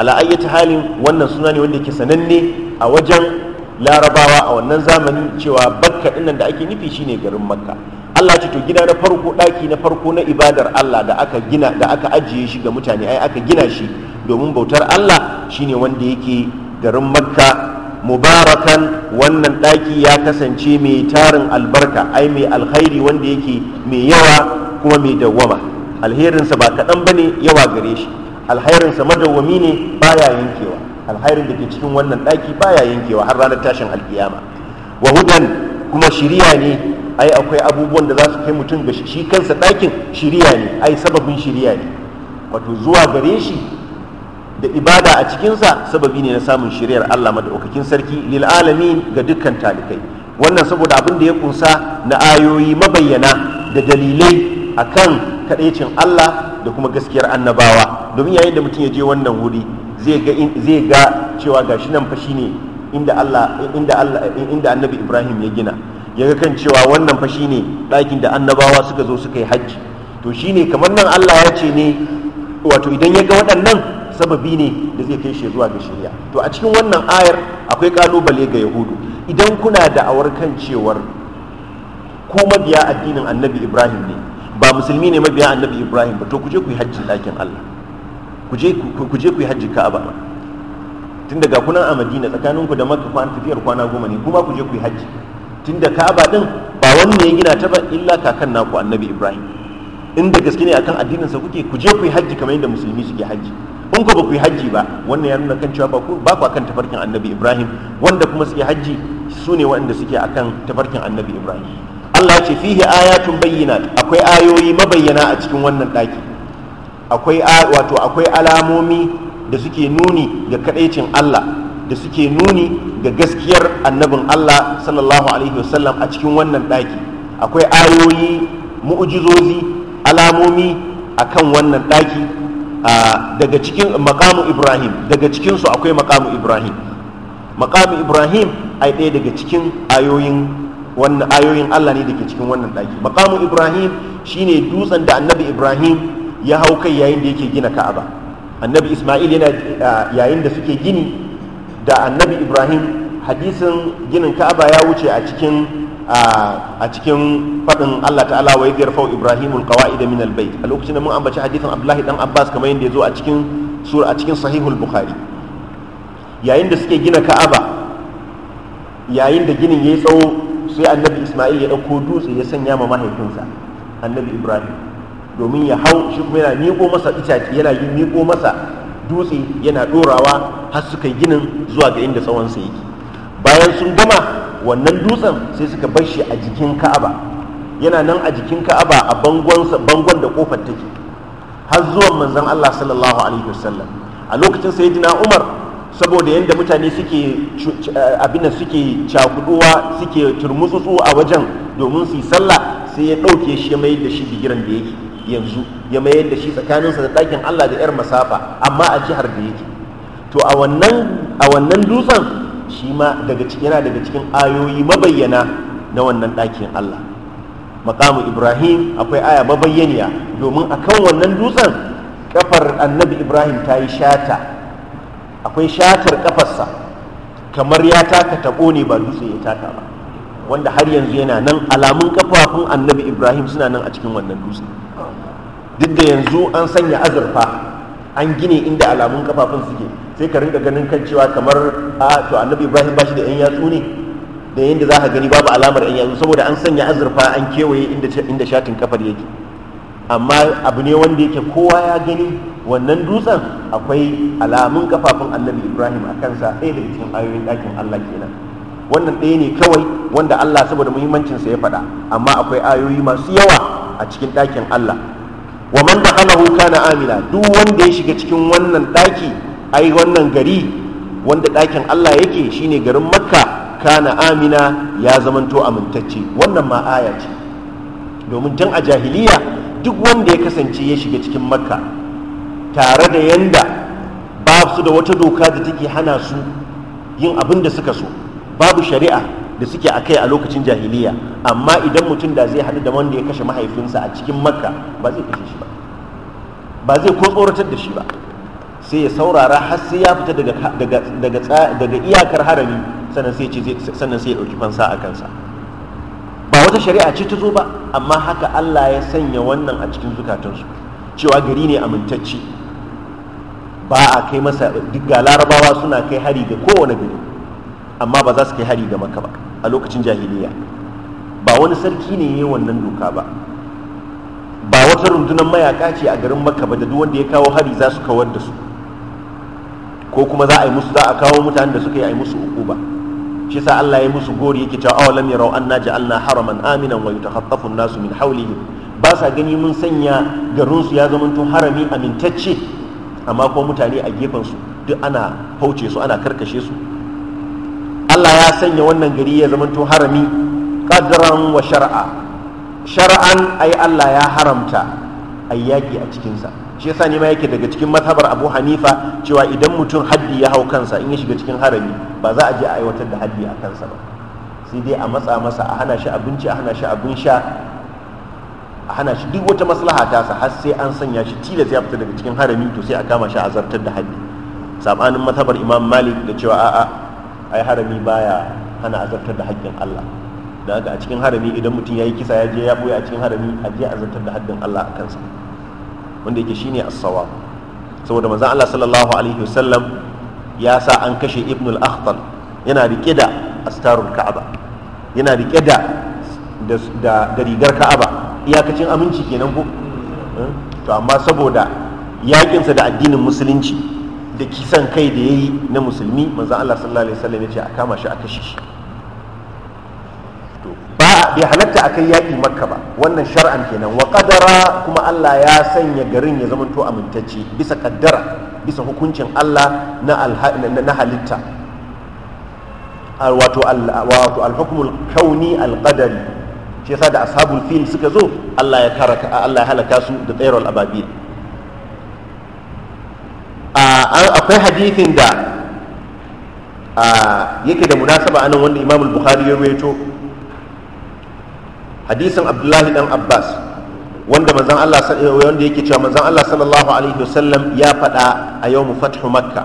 ala'ayyata halin wannan suna ne wanda ke sananne a wajen larabawa a wannan zamani cewa bakka ɗinnan da ake nufi shine garin makka Allah ce to gida na farko ɗaki na farko na ibadar Allah da aka gina da aka ajiye shi ga mutane ai aka gina shi domin bautar Allah shine wanda yake garin Makka mubarakan wannan ɗaki ya kasance mai tarin albarka ai mai alkhairi wanda yake mai yawa kuma mai dawwama alherinsa ba kaɗan ba ne yawa gare shi alhairinsa madawwami ne baya yankewa alherin da ke cikin wannan ɗaki baya yankewa har ranar tashin alkiyama wa hudan kuma shiriya ne ai akwai abubuwan da za su kai mutum ga shi kansa ɗakin shirya ne ai sababin shirya ne wato zuwa gare shi da ibada a cikinsa sababi ne na samun shiriyar Allah madaukakin sarki lil alamin ga dukkan talikai wannan saboda abin da ya kunsa na ayoyi mabayyana da dalilai akan kadaicin Allah da kuma gaskiyar annabawa domin yayin da mutum ya je wannan wuri zai ga zai ga cewa gashi nan fa shine inda inda Annabi Ibrahim ya gina ya ga kan cewa wannan fa shine ɗakin da annabawa suka zo suka yi hajji to shine kamar nan Allah ya ce ne wato idan ya ga waɗannan sababi ne da zai kai shi zuwa ga shari'a to a cikin wannan ayar akwai kalubale ga yahudu idan kuna da awar kan cewar ko mabiya addinin annabi ibrahim ne ba musulmi ne mabiya annabi ibrahim ba to ku je ku yi hajji ɗakin allah ku je ku yi hajji ka'aba tun daga kunan a madina tsakaninku da makka tafiyar kwana goma ne kuma ku je ku yi hajji tunda ka'aba din ba wani ya gina ta ba illa kakan naku annabi ibrahim Inda gaske ne akan addinin sa kuke ku je ku yi hajji kamar yadda musulmi suke hajji in ku ba ku yi hajji ba wannan ya nuna kan cewa ba ku ba ku akan tafarkin annabi ibrahim wanda kuma suke hajji su ne waɗanda suke akan tafarkin annabi ibrahim allah ce fihi ayatun bayyana akwai ayoyi mabayyana a cikin wannan ɗaki akwai wato akwai alamomi da suke nuni ga kadaicin allah da suke nuni ga gaskiyar annabin Allah sallallahu alaihi wasallam a cikin wannan ɗaki akwai ayoyi mu'ujizozi alamomi a kan wannan ɗaki daga cikin makamu ibrahim daga cikinsu akwai makamu ibrahim makamu ibrahim yi ɗaya daga cikin ayoyin wannan ayoyin Allah ne da ke cikin wannan ɗaki makamu ibrahim shine dutsen da annabi ibrahim ya hau kai yayin da yake gina ka'aba annabi isma'il yana yayin da suke gini da annabi ibrahim hadisin ginin ka'aba ya wuce a cikin a cikin faɗin allah ta'ala wa yadda yarfau ibrahimul qawa'ida min bait a lokacin da mun ambaci hadisin abdullahi dan abbas kamar yadda ya zo a cikin sura a cikin sahihul bukhari yayin da suke gina ka'aba yayin da ginin ya yi tsawo sai annabi ismail ya ɗauko dutse ya sanya ma mahaifinsa annabi ibrahim domin ya hau shi kuma yana miƙo masa itace yana miƙo masa dutse yana ɗorawa har suka yi ginin zuwa ga inda tsawonsa yake bayan sun gama wannan dutsen sai suka bar shi a jikin ka'aba yana nan a jikin ka'aba a bangon da kofar take har zuwan manzon Allah sallallahu alaihi wasallam a lokacin sayyidina Umar saboda yanda mutane suke eh, abin da suke cakuduwa suke turmutsutsu a wajen domin su yi sallah sai ya ɗauke shi ya mai da shi bigiran da yake yanzu ya mayar da shi tsakaninsa da ɗakin Allah da 'yar masafa amma a jihar da yake to a wannan dutsen shi ma yana daga cikin ayoyi mabayyana na wannan ɗakin Allah makamu ibrahim akwai aya mabayyaniya domin akan wannan dutsen kafar annabi ibrahim ta yi shata akwai shatar kafarsa kamar ya taka ta ne ba dutse ya taka ba wanda har yanzu yana nan alamun kafafun annabi ibrahim suna nan a cikin wannan dutsen. duk da yanzu an sanya azurfa an gine inda alamun kafafun suke sai ka rinka ganin kan cewa kamar a to annabi ibrahim bashi da yan yatsu ne da yadda za ka gani babu alamar yan yatsu saboda an sanya azurfa an kewaye inda shatin kafar yake amma abu ne wanda yake kowa ya gani wannan dutsen akwai alamun kafafun annabi ibrahim a kansa ɗaya daga cikin ayoyin ɗakin allah kenan wannan ɗaya ne kawai wanda allah saboda muhimmancinsa ya faɗa amma akwai ayoyi masu yawa a cikin ɗakin allah wa man dakhalahu kana amina duk wanda ya shiga cikin wannan daki ai wannan gari wanda dakin Allah yake shine garin Makka kana amina ya zamanto amintacce wannan ma aya ce domin tun a jahiliya duk wanda ya kasance ya shiga cikin Makka tare da yanda ba su da wata doka da take hana su yin abin da suka so babu shari'a da suke a kai a lokacin jahiliya amma idan mutum da zai hadu da wanda ya kashe mahaifinsa a cikin makka ba zai kashe shi ba ba zai ko tsoratar da shi ba sai ya saurara har sai ya fita daga iyakar harami sannan sai ya ɗauki fansa a kansa ba wata shari'a ce ta zo ba amma haka allah ya sanya wannan a cikin zukatansu cewa gari ne amintacci ba a kai masa duk ga larabawa suna kai hari ga kowane gari amma ba za su kai hari ga maka ba a lokacin jahiliya ba wani sarki ne yayi wannan doka ba ba wata rundunar mayaka ce a garin makka ba da duk wanda ya kawo hari za su kawar da su ko kuma za a yi musu za a kawo mutanen da suka yi a yi musu ba shi sa Allah ya yi musu gori yake cewa awalam yarau anna ja'alna haraman aminan wa yutakhaffafu an-nasu min hawlihim ba sa gani mun sanya garin su ya tun harami amintacce amma ko mutane a gefen su duk ana hauce su ana karkashe su Allah ya sanya wannan gari ya zamanto harami qadran wa shar'a shar'an ai Allah ya haramta ayyaki a cikinsa shi yasa ne ma yake daga cikin mazhabar Abu Hanifa cewa idan mutum haddi ya hau kansa in ya shiga cikin harami ba za a je a aiwatar da haddi a kansa ba sai dai a matsa masa a hana shi abinci a hana shi abin sha a hana shi duk wata maslaha ta sa har sai an sanya shi tilas ya fita daga cikin harami to sai a kama shi a zartar da haddi sabanin mazhabar Imam Malik da cewa a'a ai harami baya hana azartar da haƙƙin Allah da haka a cikin harami idan mutum ya yi kisa ya je ya boye a cikin harami a je azartar da haƙƙin Allah a kansa wanda yake shine as-sawab saboda manzon Allah sallallahu alaihi wasallam ya sa an kashe Ibn al akhtal yana rike da astarul ka'aba yana rike da da rigar ka'aba iyakacin aminci kenan ko eh? to amma saboda sa da addinin musulunci da kisan kai da ya yi na musulmi manzan Allah sallallahu alaihi wasallam ya ce a kama shi a kashe shi ba bai halatta akai yaƙi makka ba wannan shar'an kenan wa qadara kuma Allah ya sanya garin ya zama to amintacce bisa kaddara bisa hukuncin Allah na halitta wato wato al-hukmul kauni al-qadari shi yasa da ashabul fil suka zo Allah ya karaka Allah ya halaka su da tsayral ababil akwai hadithin da yake da munasaba anan wanda imam al-bukhari ya rawaito hadisin abdullahi dan abbas wanda manzon Allah wanda yake cewa manzon Allah sallallahu alaihi wasallam ya fada a yawmu fathu makka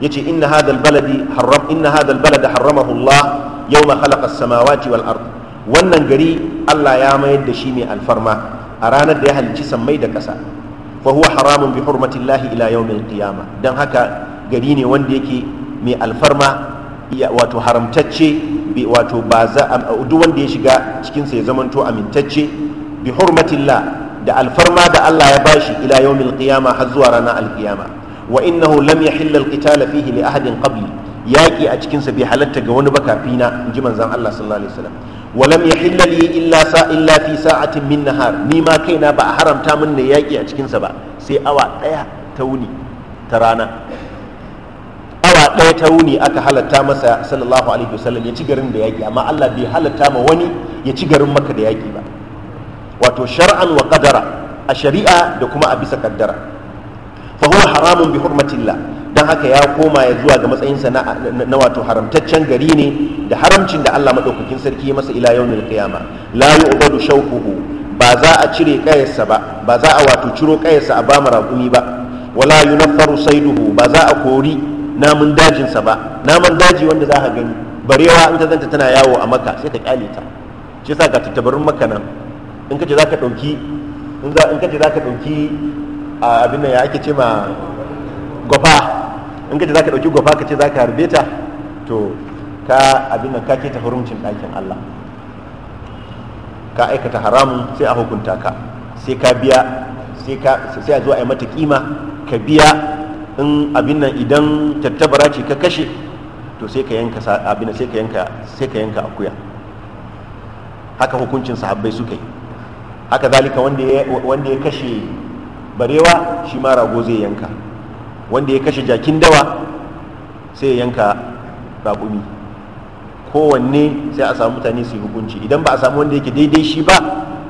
yace inna hadha al-baladi haram inna hadha al-balada haramahu Allah yawma khalaqa as-samawati wal ard wannan gari Allah ya mayar da shi mai alfarma a ranar da ya halicci sammai da ƙasa fa haramun bi hurmatillahi ila yawmil qiyama dan haka gari ne wanda yake mai alfarma wato haramtacce wato duk wanda ya shiga cikin sa ya zamanto amintacce hurmatillah da alfarma da Allah ya bashi ila yawmil qiyama har zuwa ranar alqiyama wa innahu lam yahilla alqitala fihi li ahadin qabli yaƙi a cikinsa bai halatta ga wani bakafina in ji manzan Allah sallallahu alaihi wasallam walam yahilla li illa sa illa fi sa'atin min nahar ni ma kaina ba a haramta min na yaƙi a cikinsa ba sai awa ɗaya ta wuni ta rana awa ɗaya ta wuni aka halatta masa sallallahu alaihi wasallam ya ci garin da yaƙi amma Allah bai halatta ma wani ya ci garin maka da yaƙi ba wato shar'an wa qadara a shari'a da kuma a bisa kaddara fa huwa haramun bi hurmatillah nan haka ya koma ya zuwa ga matsayinsa na wato haramtaccen gari ne da haramcin da Allah maɗaukakin sarki ya masa ila yawmin qiyama la yu'badu shawquhu ba za a cire kayarsa ba ba za a wato ciro kayarsa a bama raƙumi ba wala yunaffaru saiduhu ba za a kori namun dajinsa ba namun daji wanda za ka gani barewa in ta zanta tana yawo a maka sai ta kyale ta shi yasa ga tattabarin maka nan in kace za ka ɗauki in kace za ka ɗauki abin da ya ake ce ma gwafa in ka ce za ka ɗauki gwafa ka ce za ka harbe ta to ka abin nan ka keta hurumcin ɗakin Allah ka aikata haramun sai a hukunta ka sai ka biya sai a zo a yi mata kima ka biya in abin nan idan tattabara ce ka kashe to sai ka yanka abin sai ka sai ka yanka akuya haka hukuncin sahabbai suka yi haka zalika wanda wanda ya kashe barewa shi ma rago zai yanka wanda ya kashe jakin dawa sai ya yanka bakumi kowanne sai a samu mutane su yi hukunci idan ba a samu wanda yake daidai shi ba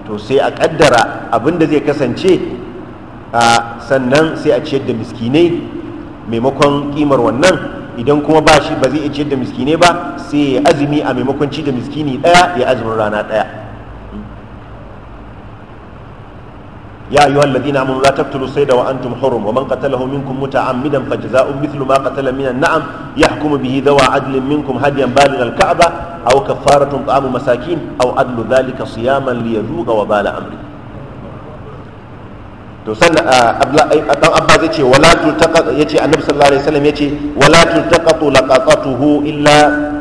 to sai a kaddara abin da zai kasance a sannan sai a ciyar da miskinai maimakon kimar wannan idan kuma ba shi ba zai iya ciyar da miskinai ba sai ya azumi a maimakon ci da miskini ɗaya ya azumin rana ɗaya يا أيها الذين آمنوا لا تقتلوا الصيد وأنتم حرم ومن قتله منكم متعمدا فجزاء مثل ما قتل من النعم يحكم به ذوى عدل منكم هديا بالغ الكعبة أو كفارة طعام مساكين أو عدل ذلك صياما ليذوق وبال أمره to san dan abba zai ce wala tultaqa yace annabi sallallahu alaihi wasallam yace wala tultaqatu laqatuhu illa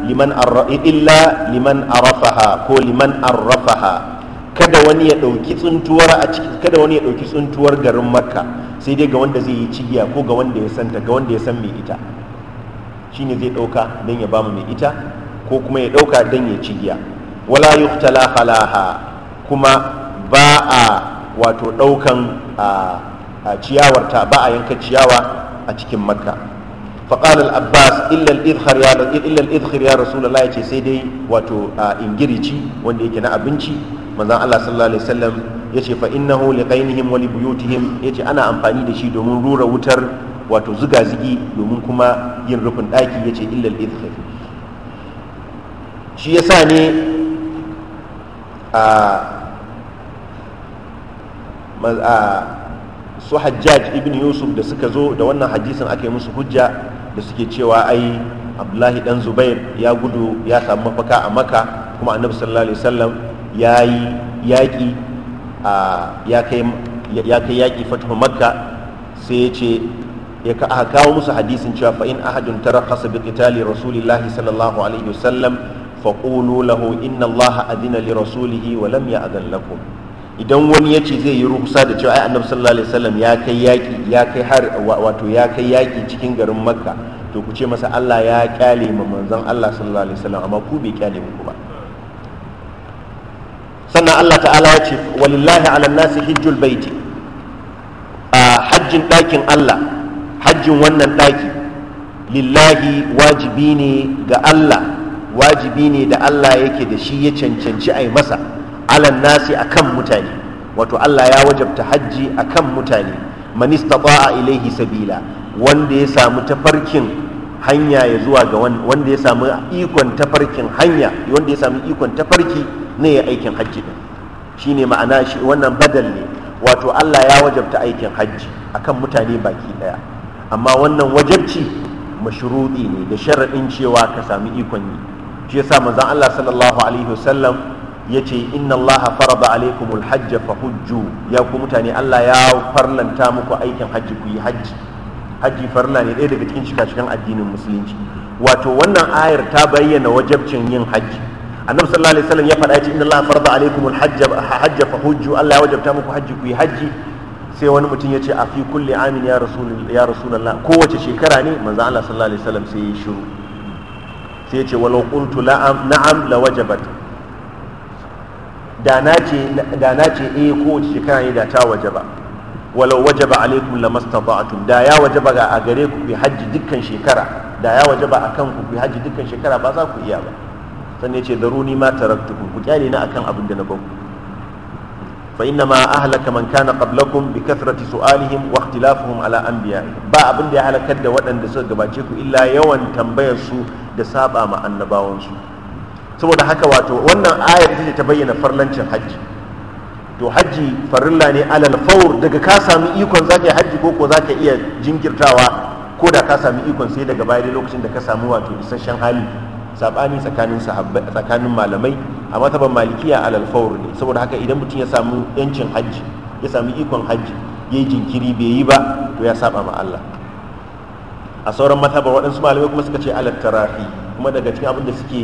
liman illa liman arafaha ko liman arafaha kada wani ya ɗauki tsuntuwar a cikin kada wani ya dauki tsuntuwar garin makka sai dai ga wanda zai yi cigiya ko ga wanda ya santa ga wanda ya san mai ita shine zai ɗauka don ya bamu mai ita ko kuma ya ɗauka don ya cigiya wala yuhtala halaha kuma ba a wato ɗaukan a ciyawarta ba a yanka ciyawa a cikin makka faƙal al-abbas illa al ya rasu ya ce sai dai wato ingirici wanda yake na abinci manzon Allah sallallahu alaihi wasallam yace fa innahu liqainihim wa libuyutihim yace ana amfani da shi domin rura wutar wato zigi domin kuma yin rufin daki yace illal al shi yasa ne a su hajjaj ibn yusuf da suka zo da wannan hadisin aka yi musu hujja da suke cewa ai abdullahi dan zubair ya gudu ya samu mafaka a maka kuma annabi sallallahu alaihi wasallam ya yi yaƙi ya kai yaƙi fatahu makka sai ya ce ya aka kawo musu hadisin cewa fa in ahadun tarakasa bi qitali rasulillahi sallallahu alaihi wasallam fa qulu lahu inna allah adina li rasulihi wa lam ya'zan lakum idan wani ya ce zai yi ruhusa da cewa ai annabi sallallahu alaihi wasallam ya kai yaki ya kai har wato ya kai yaki cikin garin makka to ku ce masa Allah ya kyale ma manzon Allah sallallahu alaihi wasallam amma ku bai kyale muku ba sannan Allah ta'ala ya ce walillahi ala nasi hijjul baiti a hajjin ɗakin Allah hajjin wannan ɗaki lillahi wajibi ne ga Allah wajibi ne da Allah yake da shi ya cancanci a yi masa ala nasi akan mutane wato Allah ya wajabta hajji akan mutane man istata'a ilaihi sabila wanda ya samu tafarkin hanya ya zuwa ga wanda ya samu ikon tafarkin hanya wanda ya samu ikon tafarki ne ya aikin hajji din ne ma'ana shi wannan badal ne wato Allah ya wajabta aikin hajji akan mutane baki ɗaya. amma wannan wajabci mashuruɗi ne da sharaɗin cewa ka sami ikon yi shi yasa manzon Allah sallallahu alaihi wasallam ce, inna Allah farada alaikumul fa hujju ya ku mutane Allah ya farlanta muku aikin hajji ku yi hajji hajji farla ne ɗaya daga cikin shika addinin musulunci wato wannan ayar ta bayyana wajabcin yin hajji annabi sallallahu alaihi wasallam ya faɗa ya ce inna allaha farada alaikum alhajj hajj fa hujju Allah ya wajabta muku hajji ku yi hajji sai wani mutum ya ce a fi kulli amin ya rasul ya rasulullah kowace shekara ne manzo Allah sallallahu alaihi wasallam sai ya shiru sai ya ce walau qultu la'am na'am la wajabat da na ce da na ce eh kowace shekara ne da ta wajaba walau wajaba alaikum lamastata'tum da ya wajaba ga a gare ku bi hajji dukkan shekara da ya wajaba akan ku bi hajji dukkan shekara ba za ku iya ba sannan ce da runi ma taraktukum ku kyale na akan abin da na baku fa inna ma ahlaka man kana qablakum bi kathrati su'alihim wa ikhtilafihim ala anbiya'ihim ba abin da ya halakar da waɗanda suka gabace ku illa yawan tambayar su da saba ma annabawan su saboda haka wato wannan ayar ce ta bayyana farlancin hajji to hajji farilla ne alal faur daga ka sami ikon zaka yi hajji ko ko zaka iya jinkirtawa ko da ka sami ikon sai daga baya lokacin da ka samu wato isasshen hali sabani tsakanin tsakanin malamai a mataban malikiya alal fawr ne saboda haka idan mutum ya samu yancin hajji ya samu ikon hajji yayi jinkiri bai yi ba to ya saba ma Allah a sauran matabar waɗansu malamai kuma suka ce alal tarahi kuma daga cikin abin da suke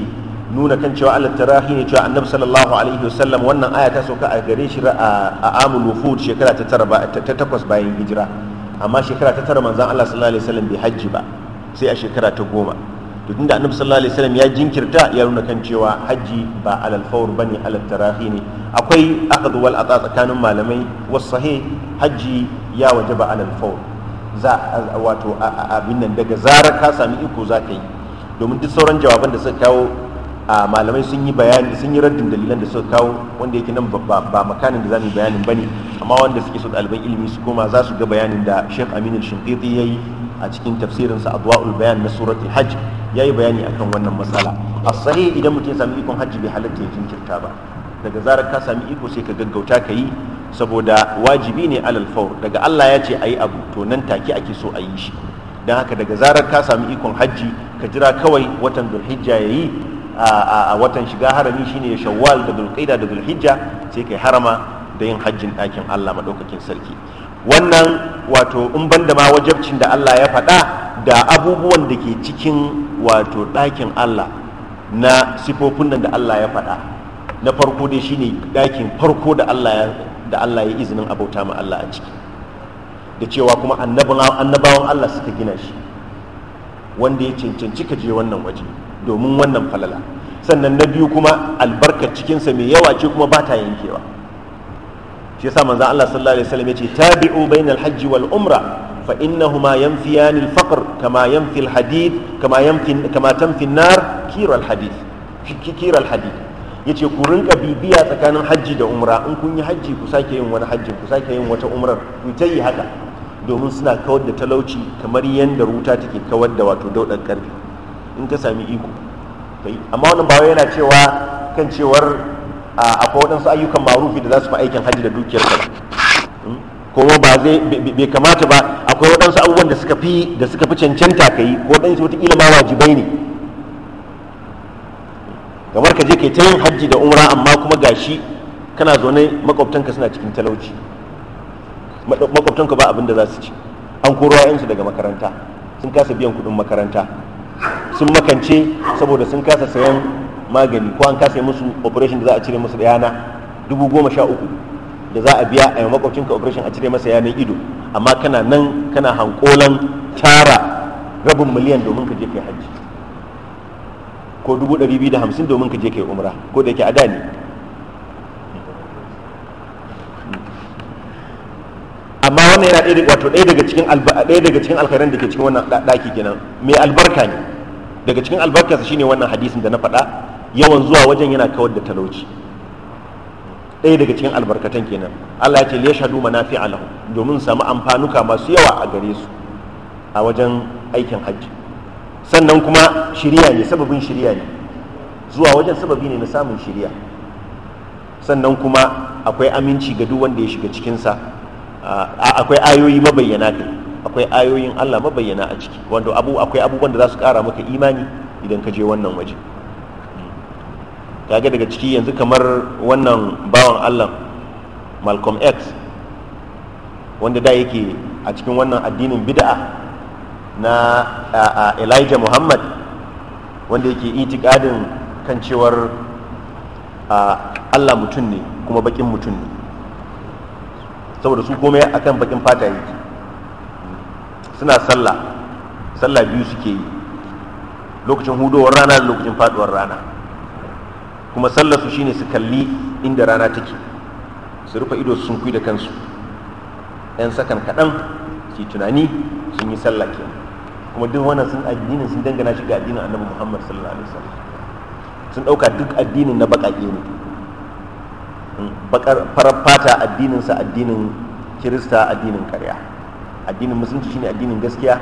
nuna kan cewa alal tarahi ne cewa annabi sallallahu alaihi wasallam wannan aya ta sauka a gare shi a amul wufud shekara ta tara ta takwas bayan hijira amma shekara ta tara manzon Allah sallallahu alaihi wasallam bai hajji ba sai a shekara ta goma to tunda annabi sallallahu alaihi wasallam ya jinkirta ya nuna kan cewa hajji ba alal fawr bane alal tarahi ne akwai aqd wal tsakanin malamai was sahih hajji ya wajaba alal fawr za wato abin nan daga zarar ka sami iko za yi domin duk sauran jawaban da suka kawo malamai sun yi bayani sun yi raddin dalilan da suka kawo wanda yake nan ba makanin da zamu mu bayanin bane amma wanda suke so ɗaliban ilimi su koma za su ga bayanin da Sheikh Aminu Shinqiti yayi a cikin tafsirinsa Adwa'ul Bayan na suratul Hajj ya yi bayani akan wannan matsala a sahi idan mutum ya sami ikon hajji bai halatta ya jinkirta ba daga zarar ka sami iko sai ka gaggauta ka yi saboda wajibi ne alal faur daga Allah ya ce a yi abu to nan take ake so a yi shi don haka daga zarar ka sami ikon hajji ka jira kawai watan dulhijja ya yi a watan shiga harami shine shawwal da dulqaida da dulhijja sai yi harama da yin hajjin ɗakin Allah maɗaukakin sarki wannan wato in banda ma wajabcin da Allah ya faɗa da abubuwan da ke cikin wato ɗakin Allah na sifofin nan da Allah ya faɗa na farko dai shine ɗakin farko da Allah ya da Allah ya izinin abauta ma Allah a ciki da cewa kuma annabawan Allah suka gina shi wanda ya cancanci ka je wannan waje domin wannan falala sannan na biyu kuma albarkar cikinsa mai yawa ce kuma ba ta yankewa shi yasa manzo Allah sallallahu alaihi wasallam ya ce tabi'u bainal hajji wal umra fa innahuma yanfiyani al-faqr kama yanfi al-hadid kama yanfi kama tanfi an-nar yace ku rinka bibiya tsakanin hajji da umra in kun yi hajji ku sake yin wani hajji ku sake yin wata umrar ku ta yi haka domin suna kawar da talauci kamar yadda ruta take kawar da wato daudar karfi in ka sami iko amma wannan bawa yana cewa kan cewar akwai waɗansu ayyukan marufi da za su fi aikin hajji da dukiyar ba hmm? ba zai bai kamata ba akwai waɗansu abubuwan da suka fi da suka fi cancanta ka yi ko waɗansu wataƙila ma wajibai ne kamar ka je ka ta yin hajji da umra amma kuma gashi kana zaune makwabtanka suna cikin talauci makwabtanka ba abin da za su ci an koro ƴansu daga makaranta sun kasa biyan kuɗin makaranta sun makance saboda sun kasa sayan magani ko an kasa musu operation da za a cire musu ɗayana dubu goma sha uku da za a biya a yi makwabcinka operation a cire masa yanar ido amma kana nan kana hankolan tara rabin miliyan domin ka je kai hajji ko dubu ɗari biyu da hamsin domin ka je kai umra ko da yake a da amma wannan yana ɗaya wato ɗaya daga cikin ɗaya daga cikin alkhairan da ke cikin wannan ɗaki kenan mai albarka ne daga cikin albarkarsa shine wannan hadisin da na faɗa yawan zuwa wajen yana kawar da talauci ɗaya daga cikin albarkatan kenan Allah ya ce liya shadu fi alahu domin samu amfanuka masu yawa a gare su a wajen aikin hajji sannan kuma shirya ne sababin shirya ne zuwa wajen sababi ne na samun shirya sannan kuma akwai aminci ga duk wanda ya shiga cikinsa akwai ayoyi mabayyana kai akwai ayoyin Allah mabayyana a ciki wanda abu akwai abubuwan da za su kara maka imani idan ka je wannan waje kage daga ciki yanzu kamar wannan bawan allah malcolm x wanda da yake a cikin wannan addinin bid'a na elijah muhammad wanda yake itikadin kan cewar allah mutum ne kuma bakin mutum ne saboda su komai akan bakin fata yake suna sallah sallah biyu suke yi lokacin hudowar rana da lokacin faduwar rana kuma sallar shine su kalli inda rana take su rufe ido sun kui da kansu yan sakan kaɗan ke tunani sun yi sallah ke kuma duk wannan sun addinin sun dangana shi ga addinin annabi muhammad sallallahu alaihi wasallam sun ɗauka duk addinin na baƙaƙe ne hmm, bakar farar fata addininsa addinin kirista addinin karya addinin musulunci shine addinin gaskiya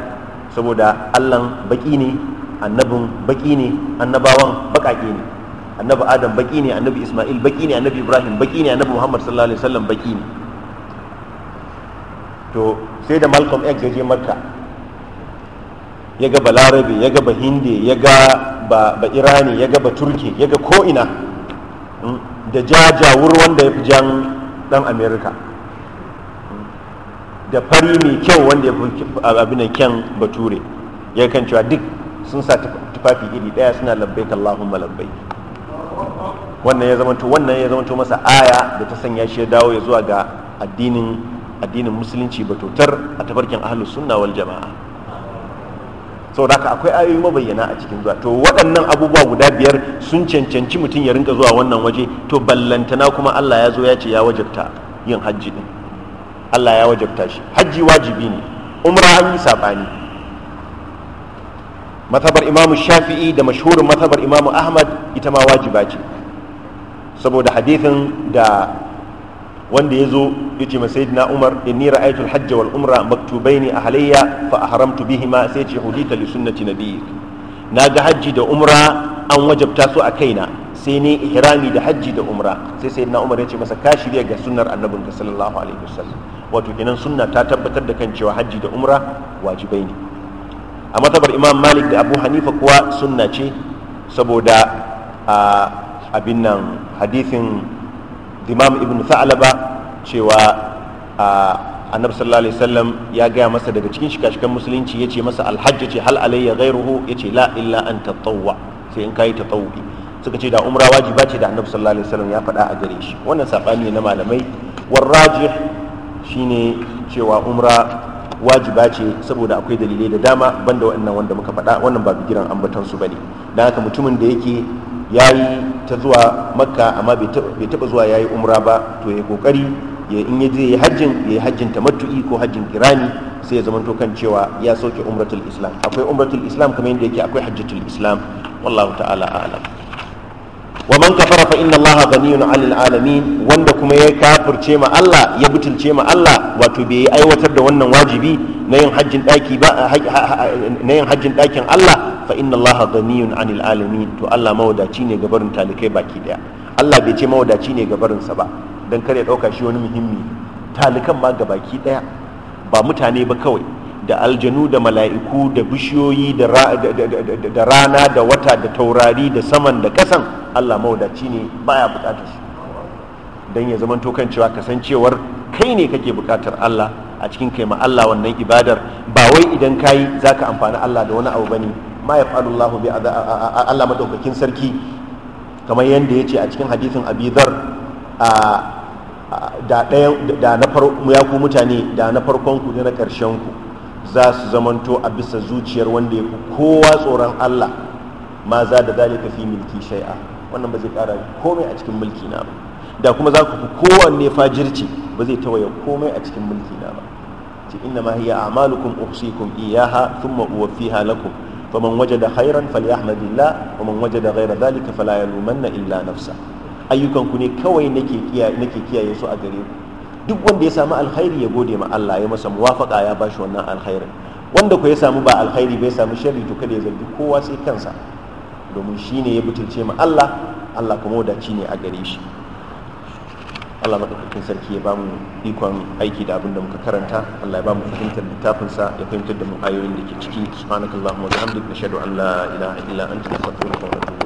saboda allan baki ne annabin baki ne annabawan baƙaƙe ne annabi adam baki ne annabi isma'il baki ne annabi ibrahim baki ne annabi muhammad sallallahu alaihi wasallam baki ne to sai da malcolm x ya je makka ya ga balarabe ya ga bahinde ya ga ba irani ya ga ba turke ya ga ko'ina hmm, da jaja wanda ya fi jan dan america da fari mai kyau wanda ya fi abinan kyan bature ya kan cewa duk sun sa tufafi iri daya suna labbaik allahumma labbaik wannan ya zamanto wannan ya zamanto masa aya da ta sanya shi ya dawo ya zuwa ga addinin addinin musulunci batotar a tafarkin ahlus sunna wal jama'a saboda haka akwai ayoyi mabayyana a cikin zuwa to waɗannan abubuwa guda biyar sun cancanci mutum ya rinka zuwa wannan waje to ballantana kuma Allah ya zo ya ce ya wajabta yin hajji din Allah ya wajabta shi hajji wajibi ne umra an yi sabani matabar imamu shafi'i da mashhurin matabar imamu ahmad ita ma wajiba ce saboda hadithin da wanda ya zo ya ce masai na umar inni ra'aytu al-hajj wal umra a halayya fa haramtu bihima sai ce hudita li sunnati nabiyyi na ga hajji da umra an wajabta su a kaina sai ne ihrami da hajji da umra sai sai na umar ya ce masa ka shirya ga sunnar annabin ka sallallahu alaihi wasallam wato kenan sunna ta tabbatar da kan cewa hajji da umra wajibai ne a matabar imam malik da abu hanifa kuwa sunna ce saboda abin nan hadithin imam ibn sa'alaba cewa annabi sallallahu alaihi wasallam ya gaya masa daga cikin shikashikan musulunci ya ce masa alhajj ce hal alayya ghayruhu ya ce la illa an tatawwa sai in kai tatawwi suka ce da umra wajiba ce da annabi sallallahu alaihi wasallam ya faɗa a gare shi wannan sabani na malamai war rajih shine cewa umra wajiba ce saboda akwai dalilai da dama banda wannan wanda muka faɗa wannan ba bigiran ambatansu su bane dan haka mutumin da yake ya yi ta zuwa makka amma bai taba zuwa ya yi umra ba to ya kokari ya in ya zai hajjin ya yi hajjin matu'i ko hajjin kirani sai ya zamanto kan cewa ya sauke umratul islam akwai umratul islam kamar yadda yake akwai hajjatul islam wallahu ta'ala a'lam wa man kafara fa inna allaha ghaniyun 'anil alamin wanda kuma ya kafirce ma Allah ya butulce ma Allah wato bai aiwatar da wannan wajibi na yin hajjin daki ba na yin hajjin dakin Allah fa inna allaha ghaniyun 'anil alamin to Allah mawadaci ne ga barin talikai baki daya Allah bai ce mawadaci ne ga barin sa ba dan kare dauka shi wani muhimmi talikan ma ga baki daya ba mutane ba kawai da aljanu da mala'iku da bishiyoyi da rana da wata da taurari da saman da kasan Allah mawadaci ne baya bukatar su don ya zama kan cewa kasancewar kai ne kake bukatar Allah a cikin kai ma Allah wannan ibadar ba wai idan kayi ka amfani Allah da wani abu bane ma yaf'alullahu bi Allah madaukakin sarki kamar yadda ya ce a cikin hadisin Abizar, da na farko ya mutane da na farkon ku da na ku za su zamanto a bisa zuciyar wanda ya fi kowa tsoron Allah ma za da zalika fi milki shai'a wannan ba zai kara komai a cikin mulki na ba da kuma za ku fi kowanne fajirci ba zai tawaye komai a cikin mulki na ba ce inna ma hiya a'malukum uhsikum iyaha thumma uwaffiha lakum faman wajada khairan falyahmadillah waman wajada ghayra dhalika fala yalumanna illa nafsa ayyukan ku ne kawai nake kiyaye nake kiyaye su a gare ku duk wanda ya samu alkhairi ya gode ma Allah ya masa muwafaka ya bashi wannan alkhairin wanda ko ya samu ba alkhairi bai samu sharri to kada ya zargi kowa sai kansa domin shine ya butulce ma Allah Allah kuma wadaci ne a gare shi Allah madaukakin sarki ya bamu ikon aiki da abin da muka karanta Allah ya bamu fahimtar littafin sa ya fahimtar da mu ayoyin da ke ciki subhanakallahumma wa bihamdika ashhadu an la ilaha illa anta astaghfiruka wa atubu